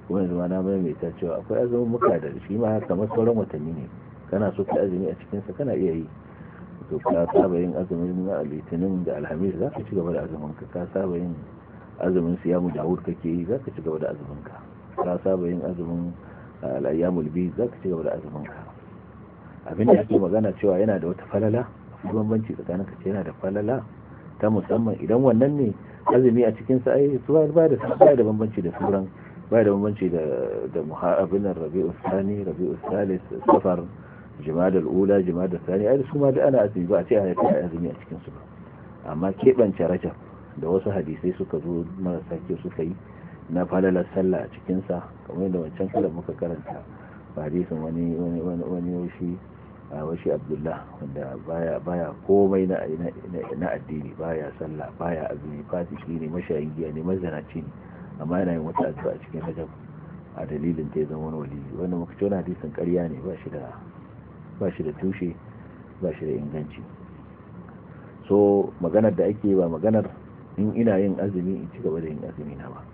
kuma yanzu ma na ta cewa akwai azumin muka da shi ma kamar sauran watanni ne kana so ka azumi a cikinsa kana iya yi to ka saba yin azumin na litinin da alhamis za ka ci gaba da azumin ka ka saba yin azumin siyamu dawud kake yi za ka ci gaba da azumin ka ka saba yin azumin al'ayyamul biyu za ka ci gaba da azumin ka abin da ake magana cewa yana da wata falala bambanci tsakanin ka ce yana da falala ta musamman idan wannan ne azumi a cikin sa ai suwa ba da ba da bambanci da sauran ba da bambanci da da rabi'u sani rabi'u salis safar jima'ad al-ula jima'ad sani ai su ma da ana azumi ba a ce ai kai azumi a cikin su ba amma keɓance rajab da wasu hadisai suka zo marasa ke suka yi na falalar sallah a cikinsa kamar da wancan kalar muka karanta ba wani wani yoshi a washi abdullah wanda baya komai na addini baya sallah baya azumi fasiki ne mashayin giya ne mazanaci ne amma yana yin wata addu'a cikin hajjab a dalilin ta zama wani wali wanda muka ce wani hadisin karya ne ba shi da tushe ba shi da inganci so maganar da ake ba maganar in ina yin azumi in ci gaba da yin azumi na ba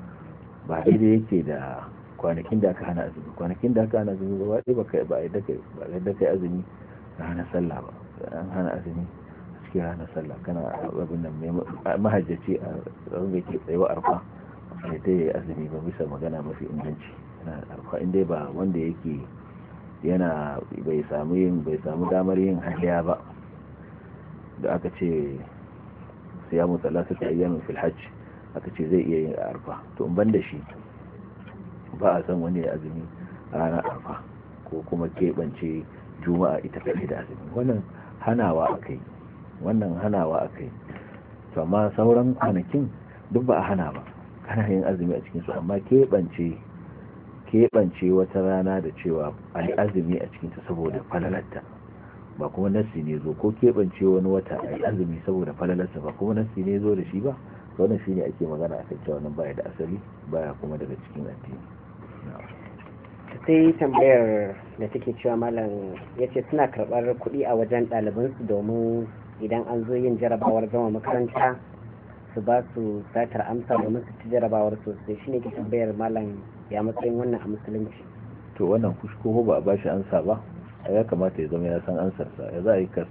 ba daidai yake da kwanakin da aka hana azumi kwanakin da aka hana azumi ba ɗaya ba kai ba yadda kai ba yadda kai azumi hana sallah ba an hana azumi cikin hana sallah kana abin nan mai mahajjaci a ran da ke tsayuwa arfa sai ta yi azumi ba bisa magana mafi inganci na arfa inda ba wanda yake yana bai samu yin bai samu damar yin hadiya ba da aka ce siyamu talatu ayyamin fil hajj aka ce zai iya yin arfa to in ban da shi ba a san wani azumi a ranar arfa ko kuma keɓance juma'a ita kaɗai da azumi wannan hanawa aka yi wannan hanawa aka yi to amma sauran kwanakin duk ba a hana ba kana yin azumi a cikinsu amma keɓance keɓance wata rana da cewa a yi azumi a cikinta saboda falalarta ba kuma nassi ne zo ko keɓance wani wata a yi azumi saboda falalarta ba kuma nassi ne zo da shi ba wannan shine ake magana a kan cewa baya da asali baya kuma daga cikin addini sai tambayar da take cewa malam ya ce suna karɓar kuɗi a wajen su domin idan an zo yin jarabawar zama makaranta su ba su satar amsa domin su ci jarabawar sosai shine ke tambayar malam ya matsayin wannan a musulunci to wannan kusko ba a bashi ansa ba ya kamata ya zama ya san ansarsa ya za a yi ka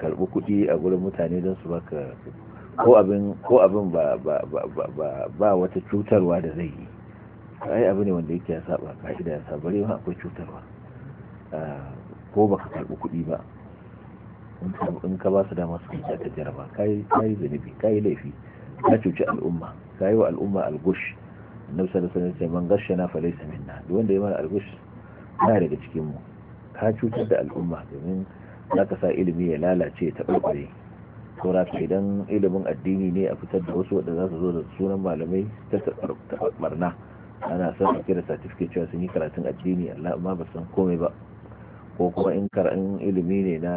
karɓi kuɗi a gurin mutane don su baka ko abin ko abin ba ba ba wata cutarwa da zai yi ai abu ne wanda yake ya saba ka'ida ya saba ma akwai cutarwa ah, ko baka karbi kuɗi ba in ka ba su dama su kai ta jaraba kai kai zanibi kai laifi ka cuci al'umma kai wa al'umma algush annabi sallallahu alaihi wasallam man gashana fa laysa minna duk wanda ya mana algush ba daga cikin mu ka cutar da al'umma domin zaka sa ilimi ya lalace ta barbare sauraka idan ilimin addini ne a fitar da wasu wadda za su zo da sunan malamai ta barna ana son a kira cewa sun yi karatun addini Allah amma ba san komai ba ko kuma in karan ilimi ne na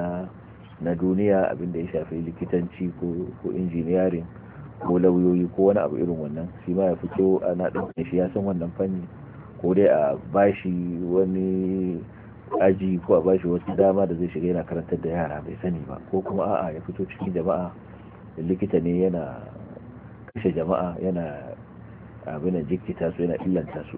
na duniya abinda ya shafi likitanci ko ko ko lauyoyi ko wani abu irin wannan shi ma ya fito ana ɗaukar shi ya san wannan fanni ko dai a bashi wani aji ko a bashi wata dama da zai shiga yana karantar da yara bai sani ba ko kuma a'a ya fito cikin jama'a likita ne yana kashe jama'a yana abin jikita su yana illanta su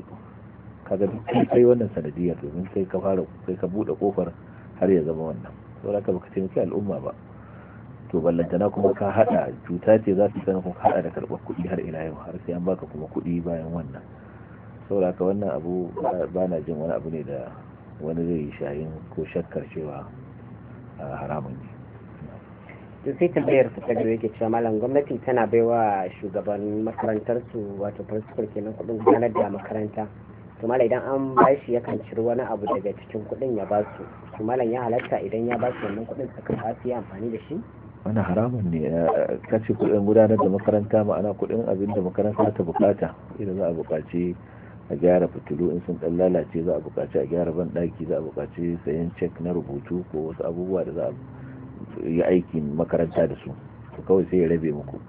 kaga duk kai wannan sanadiyar domin kai ka fara kai ka bude kofar har ya zama wannan saboda ka baka taimaki al'umma ba to ballantana kuma ka hada cuta ce za su sanar ka hada da karbar kuɗi har ila yau har sai an baka kuma kuɗi bayan wannan saboda ka wannan abu ba na jin wani abu ne da wani zai yi shayin ko shakkar cewa haramun ne to sai tambayar ta gaba yake cewa malam gwamnati tana baiwa shugaban makarantar su wato principal kenan kudin gudanar da makaranta to malam idan an bashi yakan ciri wani abu daga cikin kudin ya ba su to malam ya halatta idan ya ba su wannan kudin su kan su yi amfani da shi wani haramun ne kace kudin gudanar da makaranta ma'ana kudin abin da makaranta ta bukata idan za a bukaci a gyara fitilu in sun dan lalace za a buƙaci a gyara ban daki za a buƙaci sayan cek na rubutu ko wasu abubuwa da za a yi aiki makaranta da su to kawai sai ya rabe muku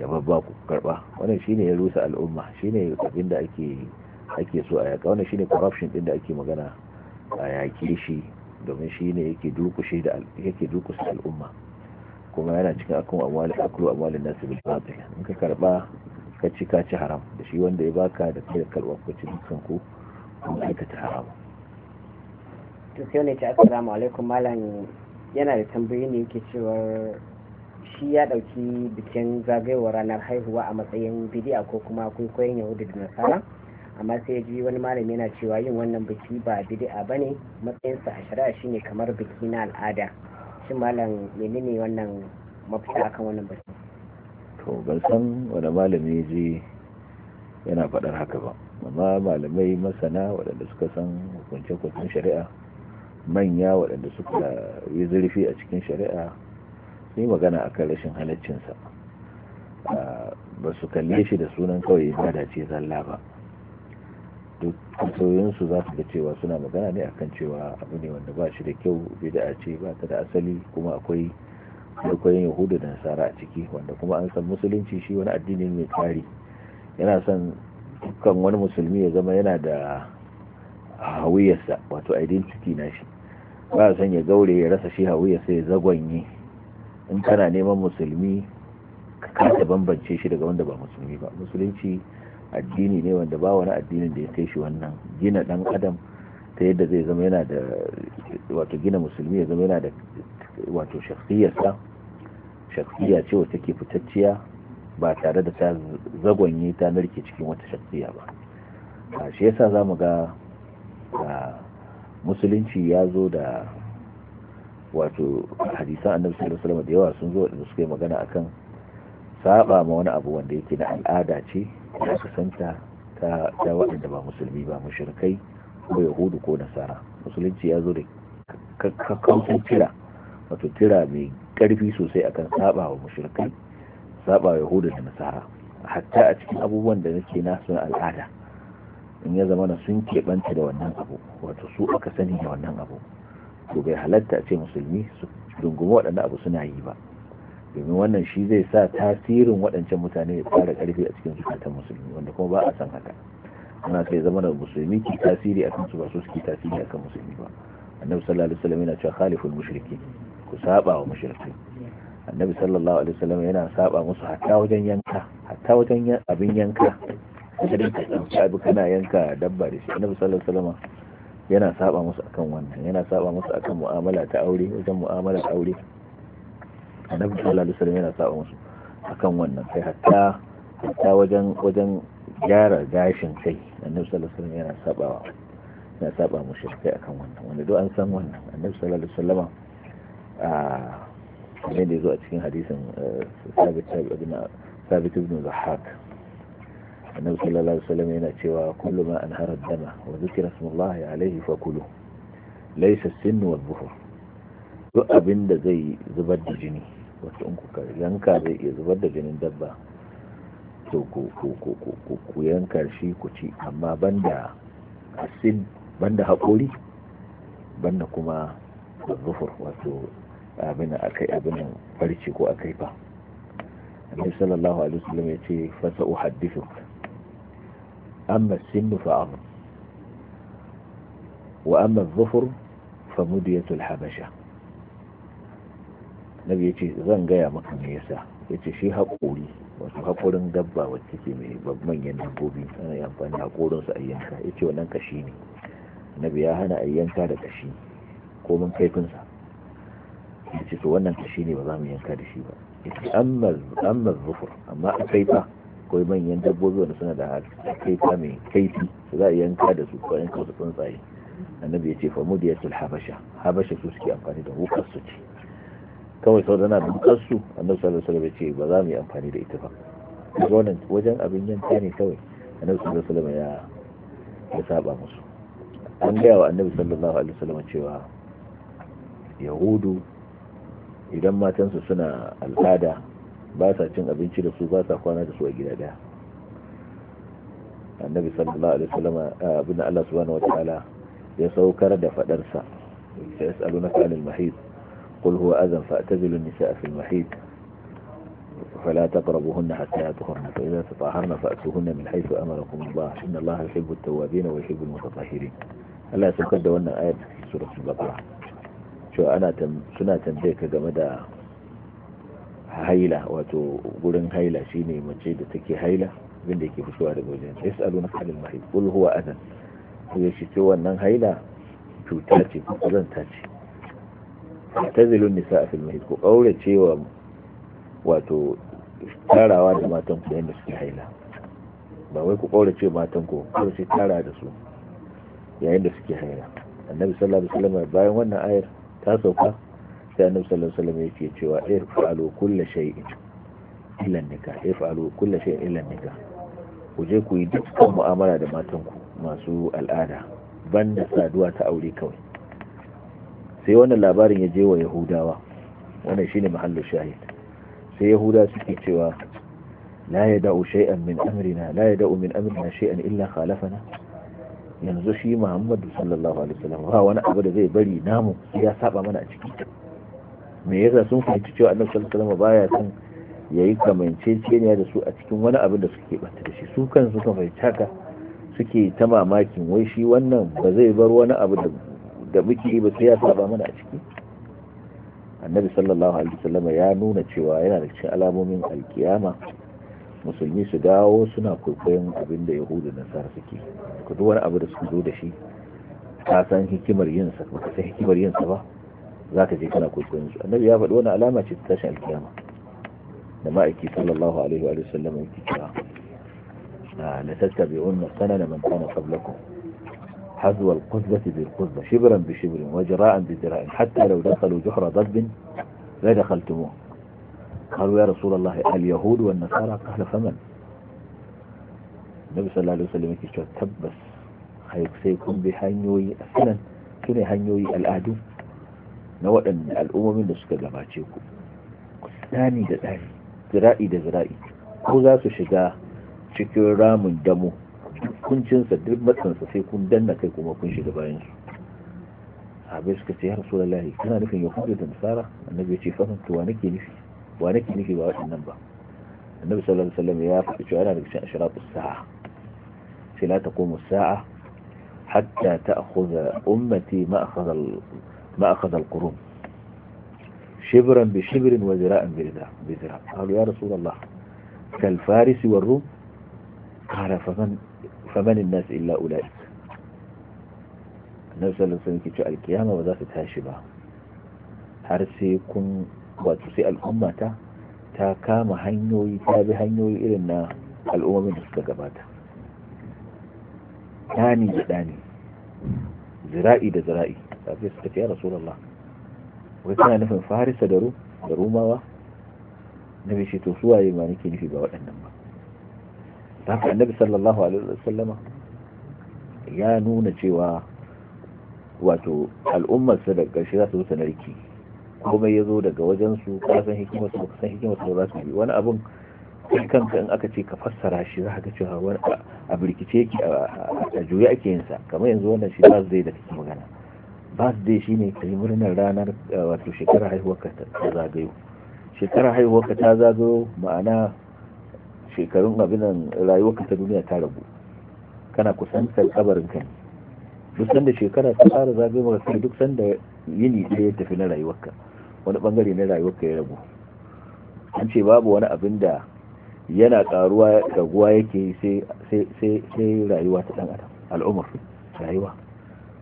ya babba ku karba. wannan shine ya rusa al'umma shine abin da ake ake so a yaƙa wannan shine corruption din da ake magana a yaki shi domin shine yake dukushe da yake al'umma kuma yana cikin akwai amwalin aklu amwalin nasu bil batil in ka karba. ka ci ka ci haram da shi wanda ya baka da kai da kalwar ko ci dukkan ku kun aikata haram to sai ne ta assalamu alaikum malam yana da tambayi ne yake cewa shi ya dauki bikin zagayowar ranar haihuwa a matsayin bidi'a ko kuma kwaikwayon yahudu da nasara amma sai ji wani malami yana cewa yin wannan biki ba ba ne matsayinsa a shari'a shine kamar biki na al'ada shin malam menene wannan mafita akan wannan biki to ban san wani malami je yana faɗar haka ba amma malamai masana waɗanda suka san hukunce-hukuncin shari'a manya waɗanda suka yi zurfi a cikin shari'a sun yi magana a kan rashin halaccinsa ba su kalle shi da sunan kawai da ce zalla ba duk soyoyinsu za su ga cewa suna magana ne akan cewa abu ne wanda ba shi da kyau bida ce ba ta da asali kuma akwai kwaikwayon yahudu da nasara a ciki wanda kuma an san musulunci shi wani addini mai tsari yana son dukkan wani musulmi ya zama yana da hawiyarsa wato identity na shi ba son ya gaure ya rasa shi hawiyarsa ya zagwanye in kana neman musulmi ka kasa bambance shi daga wanda ba musulmi ba musulunci addini ne wanda ba wani addinin da ya kai shi wannan gina dan adam ta yadda zai zama yana da wato gina musulmi ya zama yana da wato shakhsiyarsa shakhsiya ce wata ke fitacciya ba tare da ta zagonye ta narke cikin wata shakhsiya ba shi yasa za mu ga musulunci ya zo da wato hadisan annabi sallallahu alaihi wasallam da yawa sun zo da suka yi magana akan saba ma wani abu wanda yake na al'ada ce ya aka ta waɗanda ba musulmi ba mushrikai ko yahudu ko nasara musulunci ya zo da kakkausar tira wato tira mai karfi sosai akan saba wa mushrikai saba wa yahudu da nasara hatta a cikin abubuwan da nake nasu al'ada in ya zama na sun keɓanta da wannan abu wato su aka sani da wannan abu to bai halatta ce musulmi su rungumi waɗannan abu suna yi ba domin wannan shi zai sa tasirin waɗancan mutane ya fara ƙarfi a cikin zukatan musulmi wanda kuma ba a san haka ana kai zama da musulmi ki tasiri a kansu ba su suke tasiri akan musulmi ba annabi sallallahu alaihi wasallam yana cewa khaliful mushrikin ku saba wa mushrikin annabi sallallahu alaihi wasallam yana saba musu hatta wajen yanka hatta wajen abin yanka idan ka dauki abu kana yanka dabba da shi annabi sallallahu alaihi wasallam yana saba musu akan wannan yana saba musu akan mu'amala ta aure wajen mu'amala ta aure annabi sallallahu alaihi wasallam yana saba musu akan wannan sai hatta hatta wajen wajen gyara gashin kai annabi sallallahu alaihi yana sabawa yana saba mushrikai akan wannan wanda duk an san wannan annabi sallallahu alaihi wasallam a kamar da zo a cikin hadisin sabit eh, ibn sabit ibn zahak annabi sallallahu alaihi wasallam yana cewa kullu ma anhara dama wa dhikra smullahi alaihi fa kulu laysa as-sinn wa dhuhur duk zai zubar da jini wato in kuka yanka zai iya zubar da jinin dabba to ku yanka shi ku ci amma banda asin banda haƙori banda kuma zufur wato abin akai abin farce ko akai ba. annabi sallallahu alaihi wasallam ya ce fa sa uhaddithuk amma sin fa amu wa amma zufur fa mudiyatul habasha nabi ya ce zan gaya maka me yasa ya ce shi haƙori wasu haƙorin dabba wacce ke mai manyan dabbobi ana yi amfani haƙorinsu a yanka ya ce wannan kashi ne annabi ya hana a yanka da kashi ko mun kaifinsa ya ce to wannan kashi ne ba za mu yanka da shi ba ya ce an mazufur amma a kaifa akwai manyan dabbobi wanda suna da kaifa mai kaifi za a yanka da su ko yanka wasu tsuntsaye annabi ya ce famudiyatul habasha habasha su suke amfani da wukar su ce kawai sau na dukkan su annabi sallallahu alaihi wasallam ce ba za mu yi amfani da ita ba daga wannan wajen abin yanta ne kawai annabi sallallahu alaihi wasallam ya ya saba musu an gaya wa annabi sallallahu alaihi wasallam cewa yahudu idan matansu suna al'ada ba sa cin abinci da su ba sa kwana da su a gida daya annabi sallallahu alaihi wasallam abin Allah subhanahu wataala ya saukar da fadarsa tsaro na anil mahid قل هو أذى فأتزلوا النساء في المحيط فلا تقربوهن حتى يطهرن فإذا تطهرن فأتوهن من حيث أمركم الله إن الله يحب التوابين ويحب المتطهرين Allah ya saukar da wannan ayat suratul baqara cewa ana suna tambaye ka game da haila wato gurin haila shine mace da take haila abin da yake fitowa daga wajen yasaluna kalil mahid qul huwa adan haila cuta ce tazilun nisa a filmi ko ƙaura cewa wato tarawa da matan ku yadda suke haila ba wai ku ƙaura ce matan ku ƙaura sai tara da su yayin da suke haila annabi sallallahu alaihi wasallam bayan wannan ayar ta sauka sai annabi sallallahu alaihi wasallam yake cewa irfa'alu kullu shay'in illa nikah irfa'alu kullu shay'in illa nika ku je ku yi dukkan mu'amala da matan ku masu al'ada banda saduwa ta aure kawai sai wannan labarin ya je wa yahudawa wannan shine mahallin shahid sai yahuda suke cewa la yada'u shay'an min amrina la yada'u min amrina shay'an illa khalafana yanzu shi Muhammadu sallallahu alaihi wasallam ba wani abu da zai bari namu ya saba mana a ciki me yasa sun fahimci cewa annabi sallallahu alaihi wasallam baya san yayi kamanceceniya da su a cikin wani abin da suke bata da shi su kansu suka fahimci haka suke ta mamakin wai shi wannan ba zai bar wani abu da da muke yi ba sai ya saba mana a ciki annabi sallallahu alaihi wasallam ya nuna cewa yana da cikin alamomin alkiyama musulmi su dawo suna kwaikwayon abin da yahudu na nasara suke ku duk wani abu da suka zo da shi ka san hikimar yin sa ba ka san hikimar yin sa ba zaka je kana kwaikwayon su annabi ya faɗi wani alama ce ta tashin alkiyama da ma'aiki sallallahu alaihi wasallam sallam yake cewa ah, la tattabi'un sanana man kana qablakum حذو القذبة بالقذبة شبرا بشبر وجراء بذراء حتى لو دخلوا جحر ضب دخلتموه قالوا يا رسول الله اليهود والنصارى قال فمن النبي صلى الله عليه وسلم يقول تبس سيكون بحنيوي أسنا كني حنيوي الأهدو نوعا الأمم اللي لما تشيكو ثاني ده ثاني ذرائي ده ذرائي ko من su duk sa duk matsansa sai kun danna kai kuma kun shiga bayan su abai suka ce ya rasulullahi kana nufin ya yahudu da nasara annabi ya ce fahimta wa nake nufi wa nake nufi ba waɗannan ba النبي صلى الله عليه وسلم يا فأنا لك أشراط الساعة لا تقوم الساعة حتى تأخذ أمتي ما أخذ, ما أخذ القرون شبرا بشبر وذراء بذراء قالوا يا رسول الله كالفارس والروم قال فمن famanin nasu illa ula'i na sallar sun kici alkiyama ba za su tashi ba har sai kun wato sai al'umma ta ta kama hanyoyi ta bi hanyoyi irin na al'ummomin da suka gabata ɗani da ɗani zira'i da zira'i tafiya suka ce ya rasulallah wai kana nufin farisa da rumawa na bishe to suwaye ma nake nufi ba waɗannan ba haka annabi sallallahu alaihi wasallama ya nuna cewa wato al'ummarsa da ƙarshe za su wuce narki kuma ya zo daga wajensu san hikimar su san hikimar su za su yi wani abun kai kanka in aka ce ka fassara shi za ka cewa wani a birkice yake a juya ake yin sa kamar yanzu wannan shi ba zai da kake magana ba zai shi ne ka yi murnar ranar wato shekarar haihuwar ka ta zagayo shekarar haihuwar ka ta zagayo ma'ana shekarun abinan rayuwarka ta duniya ta rabu kana kusantar kabarin ka duk sanda shekara ta tsara zabe maka kai duk sanda yini sai ya tafi na rayuwarka wani bangare na rayuwarka ya rabu an ce babu wani abin da yana karuwa raguwa yake sai sai sai rayuwa ta dan adam al'umur rayuwa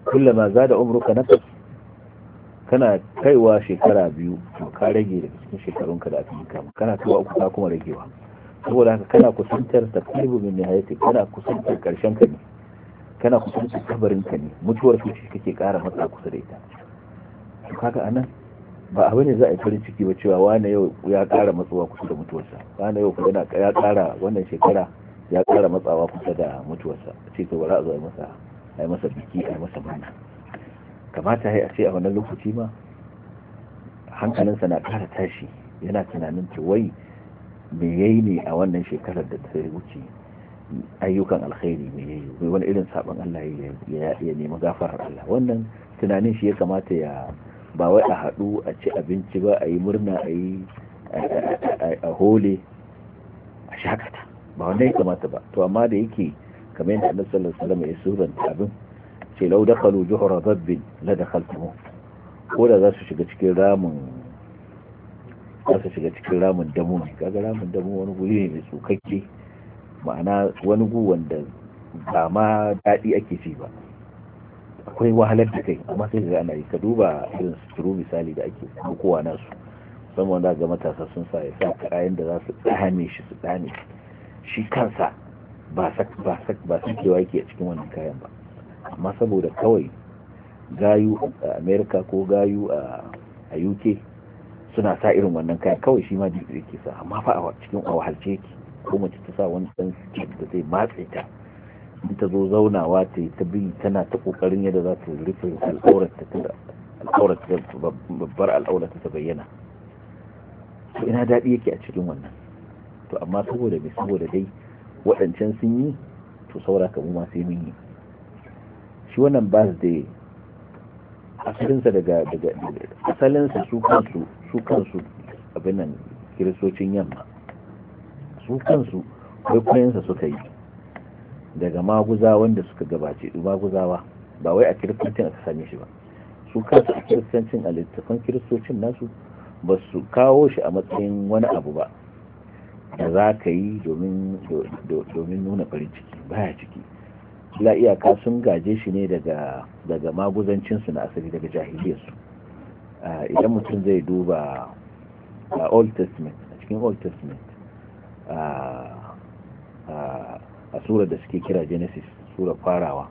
kullama zada umruka nafs kana kaiwa shekara biyu to ka rage daga cikin shekarunka da aka yi kana kaiwa uku ka kuma ragewa saboda haka kana kusantar taqribu min nihayati kana kusantar karshen ka ne kana kusantar kabarin ka ne mutuwar kici kake kara matsa kusa da ita to kaga anan ba abu ne za a yi farin ciki ba cewa wani yau ya kara matsawa kusa da mutuwarsa wani yau kuma ya kara wannan shekara ya kara matsawa kusa da mutuwarsa ce to bara a zo a masa a masa biki a masa murna kamata ya ce a wannan lokaci ma hankalinsa na kara tashi yana tunanin ce wai me yayi ne a wannan shekarar da ta wuce ayyukan alkhairi me yayi mai wani irin sabon Allah ya ya nemi gafarar Allah wannan tunanin shi ya kamata ya ba wai a haɗu a ci abinci ba a yi murna a yi a hole a shakata ba wanda ya kamata ba to amma da yake kamar yadda annabi sallallahu alaihi wasallam ya suranta abin ce lau dakalu juhra dabbin la dakhaltum ko da za su shiga cikin ramin za ka shiga cikin ramin damu ne kaga ramin damu wani guri ne mai tsukakke ma'ana wani gu wanda ba ma daɗi ake ci ba akwai wahalar da kai amma sai ga ana yi ka duba irin suturu misali da ake kowa nasu musamman wanda ga matasa sun sa ya sa kayan da za su tsame shi su tsame shi kansa ba sak ba sak yake a cikin wannan kayan ba amma saboda kawai gayu a america ko gayu a uk suna sa irin wannan kayan kawai shi ma jiki yake sa amma fa a cikin a wahalce yake ko mace ta sa wani dan siket da zai matse ta in ta zo zaunawa ta yi ta bin tana ta kokarin yadda za ta rufe al'aurata ta babbar al'aurarta ta bayyana to ina daɗi yake a cikin wannan to amma saboda mai saboda dai waɗancan sun yi to saura kamu ma sai mun yi shi wannan da asalinsa daga asalinsa su kansu su kansu abin kiristocin yamma su kansu kwaikwayensa suka yi daga maguza wanda suka gabace maguzawa ba wai a kiristancin aka same shi ba su kansu a kiristancin a littafan kiristocin nasu ba su kawo shi a matsayin wani abu ba da za ka yi domin nuna farin ciki baya ciki la iyaka sun gaje shi ne daga daga maguzancinsu na asali daga jahiliyarsu ah, idan mutum zai duba a ah, old testament a cikin old testament ah, a sura da suke kira genesis sura farawa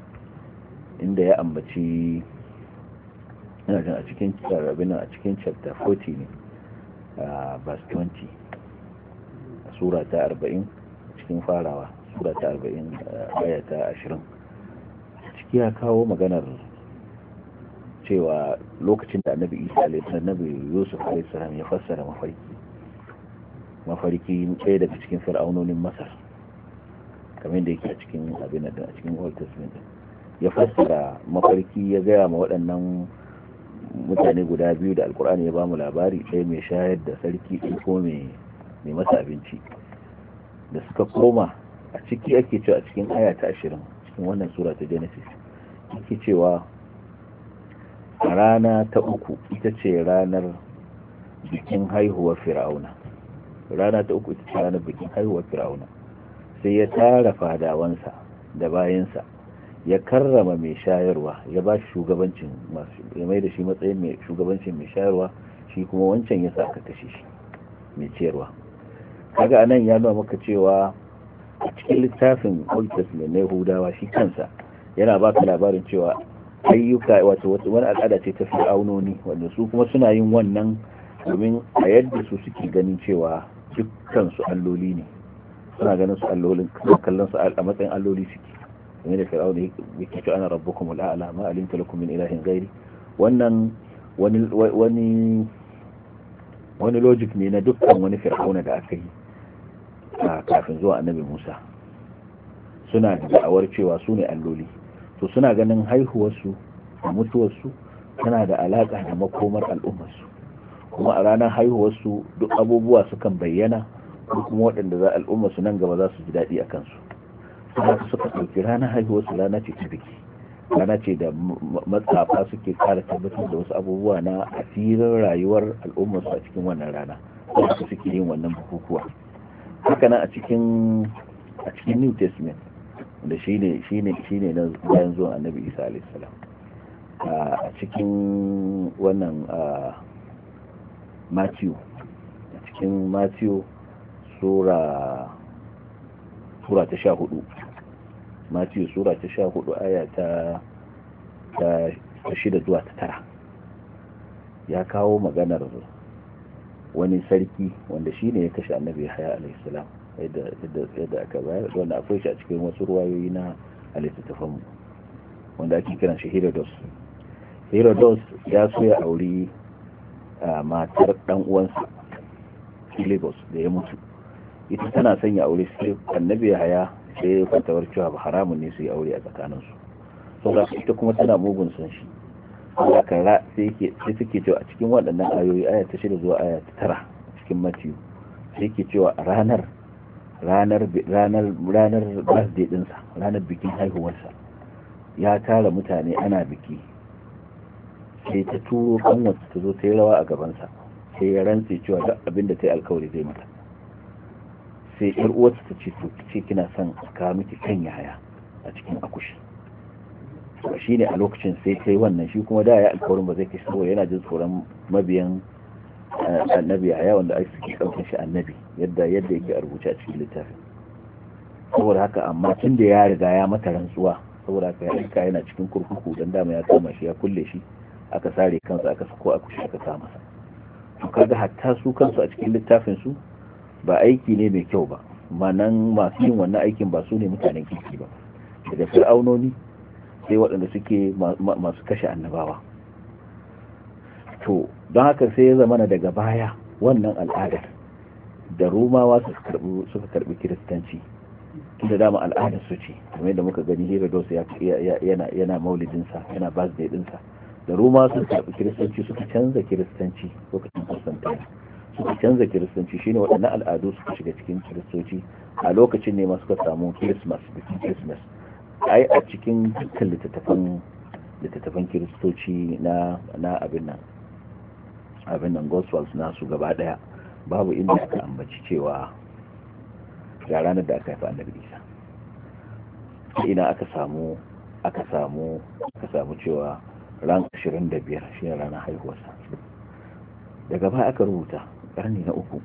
inda ya ambaci jin a cikin rabinan a cikin chapter 40 ne verse 20 a sura ta 40 cikin farawa sura ta arba'in eh, aya ta ashirin. ciki ya kawo maganar cewa lokacin da annabi isa alaihi annabi yusuf alaihi salam ya fassara mafarki mafarki ɗaya daga cikin fir'aunonin masar kamar da yake a cikin abin da a cikin old testament ya fassara mafarki ya gaya ma waɗannan mutane guda biyu da alkur'ani ya bamu labari ɗaya mai shayar da sarki ɗin ko mai masa abinci da suka koma a ciki ake cewa a cikin aya ta ashirin cikin wannan sura ta genesis ake cewa rana ta uku ita ce ranar bikin haihuwar fir'auna rana ta uku ita ce ranar bikin haihuwar fir'auna sai ya tara fadawansa da bayansa ya karrama mai shayarwa ya ba shugabancin masu ya mai da shi matsayin mai shugabancin mai shayarwa shi kuma wancan ya sa aka kashe shi mai ciyarwa kaga anan ya nuna maka cewa a cikin littafin old mai na yahudawa shi kansa yana ba ka labarin cewa ayyuka wato wani al'ada ce ta fir'aunoni wanda su kuma suna yin wannan domin a yadda su suke ganin cewa dukkan alloli ne suna ganin su allolin kallon su a matsayin alloli suke game da fir'auna yake ce ana rabbukum al'ala ma alimta lakum min ilahin ghairi wannan wani wani wani logic ne na dukkan wani fir'auna da aka yi kafin zuwa annabi musa suna da da'awar cewa su ne alloli to suna ganin haihuwarsu da mutuwarsu tana da alaƙa da makomar al'ummarsu kuma a ranar haihuwarsu duk abubuwa sukan bayyana ko kuma waɗanda za al'ummarsu nan gaba za su ji daɗi a kansu suna suka ɗauki ranar haihuwarsu rana ce ta biki rana ce da matsafa suke kara tabbatar da wasu abubuwa na asirin rayuwar al'ummarsu a cikin wannan rana wanda suke yin wannan bukukuwa haka nan a cikin a cikin new testament da shine shine shine na bayan zuwan annabi isa alaihi salam a cikin wannan matthew a cikin matthew sura sura ta sha hudu matthew sura ta sha hudu aya ta ta shida zuwa ta tara ya kawo maganar wani sarki wanda shi ne ya kashe annabi haya alaihissalam yadda aka bayar wanda akwai shi a cikin wasu ruwayoyi na alittattafan wanda ake kiran shi herodos herodos ya so ya auri matar dan uwansa filibus da ya mutu ita tana son ya aure sai annabi haya sai ya kwantawar cewa ba haramun ne su yi aure a tsakaninsu saboda ita kuma tana mugun son shi haka sai suke cewa a cikin waɗannan ayoyi aya ta shida zuwa aya ta tara cikin matiyu sai ke cewa ranar ranar ranar ranar birthday dinsa ranar bikin haihuwarsa ya tara mutane ana biki sai ta turo kanwarsa ta zo ta yi rawa a gabansa sai ya rantse cewa duk abin da ta yi alkawari zai mata sai yar uwarsa ta ce to ce kina son ka miki kan yaya a cikin akushi to shi ne a lokacin sai kai wannan shi kuma da ya alkawarin ba zai kai saboda yana jin tsoron mabiyan eh, annabi a yawon da ake suke ɗaukar shi annabi yadda yadda yake a rubuce a cikin littafin saboda haka amma tun da ya riga ya mata rantsuwa saboda haka ya aika yana cikin kurkuku dan dama ya kama shi ya kulle shi aka sare kansa aka sako a kushe aka kama sa to kaga hatta su kansu a cikin littafin su ba aiki ne mai kyau ba manan masu yin wannan aikin ba su ne mutanen kirki ba daga fir'aunoni sai waɗanda suke masu kashe annabawa to don haka sai ya zama daga baya wannan al'adar da rumawa suka karbi kiristanci inda dama al'adar su ce kamar yadda muka gani herodos yana maulidinsa yana birthday dinsa da rumawa suka karbi kiristanci suka canza kiristanci lokacin constantine suka canza kiristanci shine waɗannan al'adu suka shiga cikin kiristoci a lokacin ne ma suka samu christmas bikin christmas ai a cikin dukkan littattafan littattafan kiristoci na na abin nan abin nan gospels nasu gaba daya babu inda aka ambaci cewa ga ranar da aka haifa annabi isa ina aka samu aka samu aka samu cewa ran 25 ne ranar haihuwarsa daga baya aka rubuta karni na uku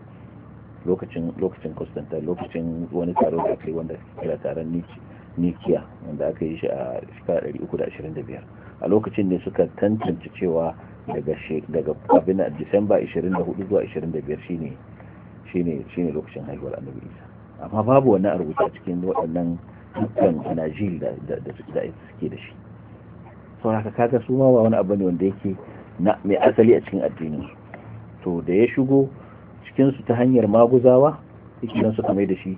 lokacin lokacin Constantine lokacin wani taro da kai wanda kira taron Nietzsche nikiya wanda aka yi shi a shekarar 325 a lokacin ne suka tantance cewa daga abin a disamba 24 zuwa 25 shine lokacin haihuwar annabi isa amma babu wani a rubuta cikin waɗannan dukkan anajil da suke da shi sauraka kaga su ma ba wani abu ne wanda yake mai asali a cikin addinin to da ya shigo cikinsu ta hanyar maguzawa ikinansu suka mai da shi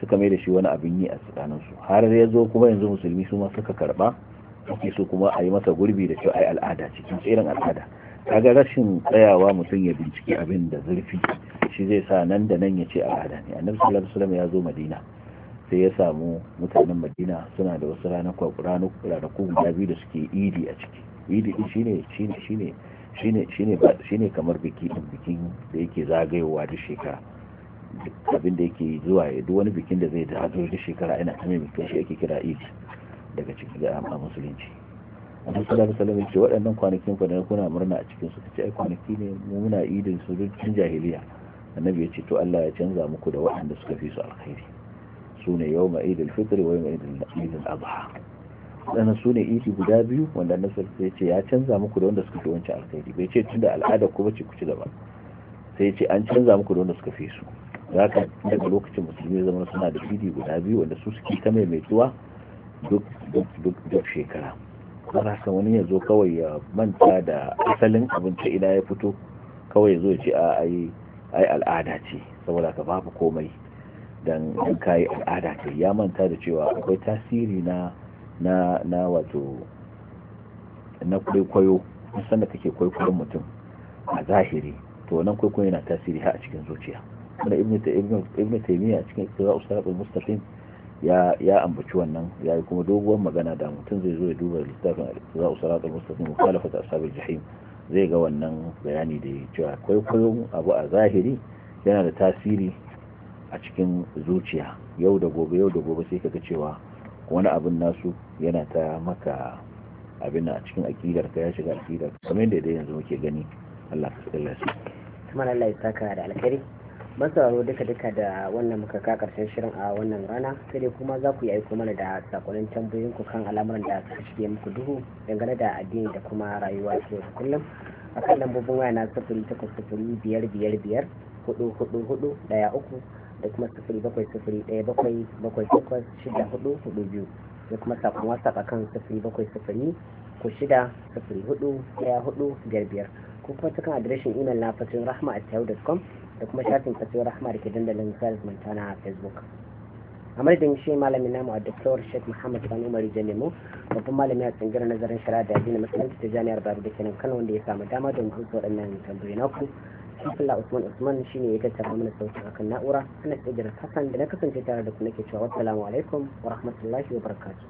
suka mai da shi wani abin yi a tsakaninsu har ya zo kuma yanzu musulmi su ma suka karba ake so kuma a yi masa gurbi da cewa yi al'ada cikin tseren al'ada kaga rashin tsayawa mutum ya binciki abin da zurfi shi zai sa nan da nan ya ce al'ada ne annabi sallallahu alaihi wasallam ya zo madina sai ya samu mutanen madina suna da wasu ranaku ranaku guda biyu da suke idi a ciki idi shine shine shine shine shine kamar biki din bikin da yake zagayowa duk shekara abin da yake zuwa ya duk wani bikin da zai da hajjo da shekara ina ta mai bikin shi ake kira Eid daga cikin da a musulunci a sallallahu da wasallam ce waɗannan kwanakin ku da kuna murna a cikin su kace ai kwanaki ne mu muna idin su dukkan jahiliya annabi ya ce to Allah ya canza muku da waɗanda suka fi su alkhairi sune yawma ma al-Fitr wa yawma Eid al-Adha waɗannan su ne idi guda biyu wanda annabi ya ce ya canza muku da wanda suka fi wancan alkhairi bai ce tunda al'ada ku bace ku ci gaba sai ya ce an canza muku da wanda suka fi su za ka daga lokacin musulmi zama suna da idi guda biyu wanda su suke ta maimaituwa duk duk duk shekara na san wani ya zo kawai ya manta da asalin abin ta ina ya fito kawai ya zo ya ce a ai al'ada ce saboda ka babu komai dan in kai al'ada ce ya manta da cewa akwai tasiri na na na wato na kwaikwayo san da kake kwaikwayon mutum a zahiri to wannan kwaikwayo yana tasiri har a cikin zuciya wanda ibn taimiyya a cikin iktira usarabul mustaqim ya ya ambaci wannan ya yi kuma doguwar magana da mutum zai zo ya duba littafin al-iktira usarabul mustaqim mukhalafat ashabil jahim zai ga wannan bayani da ya cewa kwaikwayon abu a zahiri yana da tasiri a cikin zuciya yau da gobe yau da gobe sai kaga cewa wani abin nasu yana ta maka abin a cikin akidar ka ya shiga akidar kamar yadda yanzu muke gani Allah ka tsare shi kuma Allah ya saka da alkhairi masauraro duka duka da wannan muka ka karshen shirin a wannan rana sai dai kuma za ku yi aiko mana da sakonin tambayoyin ku kan al'amuran da suka shige muku duhu dangane da addini da kuma rayuwa yau da kullum a kan lambobin waya na sufuri takwas sufuri biyar biyar biyar hudu hudu hudu daya uku da kuma sufuri bakwai sufuri daya bakwai bakwai takwas shida hudu hudu biyu da kuma sakon whatsapp kan sufuri bakwai sufuri ku shida sufuri hudu daya hudu biyar biyar ko kuma ta kan adireshin imel na fatin rahma a com da kuma shafin kasuwar rahama da ke dandalin sales montana a facebook a madadin shi malamin namu a doktor sheikh muhammad sani umar jamimu babban malami a tsangirar nazarin shari'a da addini masallaci ta jami'ar babu da kenan kano wanda ya samu dama don hutu waɗannan tambayoyi na ku shifila usman usman shi ne ya tattara mana sautin akan na'ura ana tsibirar hassan da na kasance tare da ku nake cewa wasu alaikum wa rahmatullahi wa barakatuh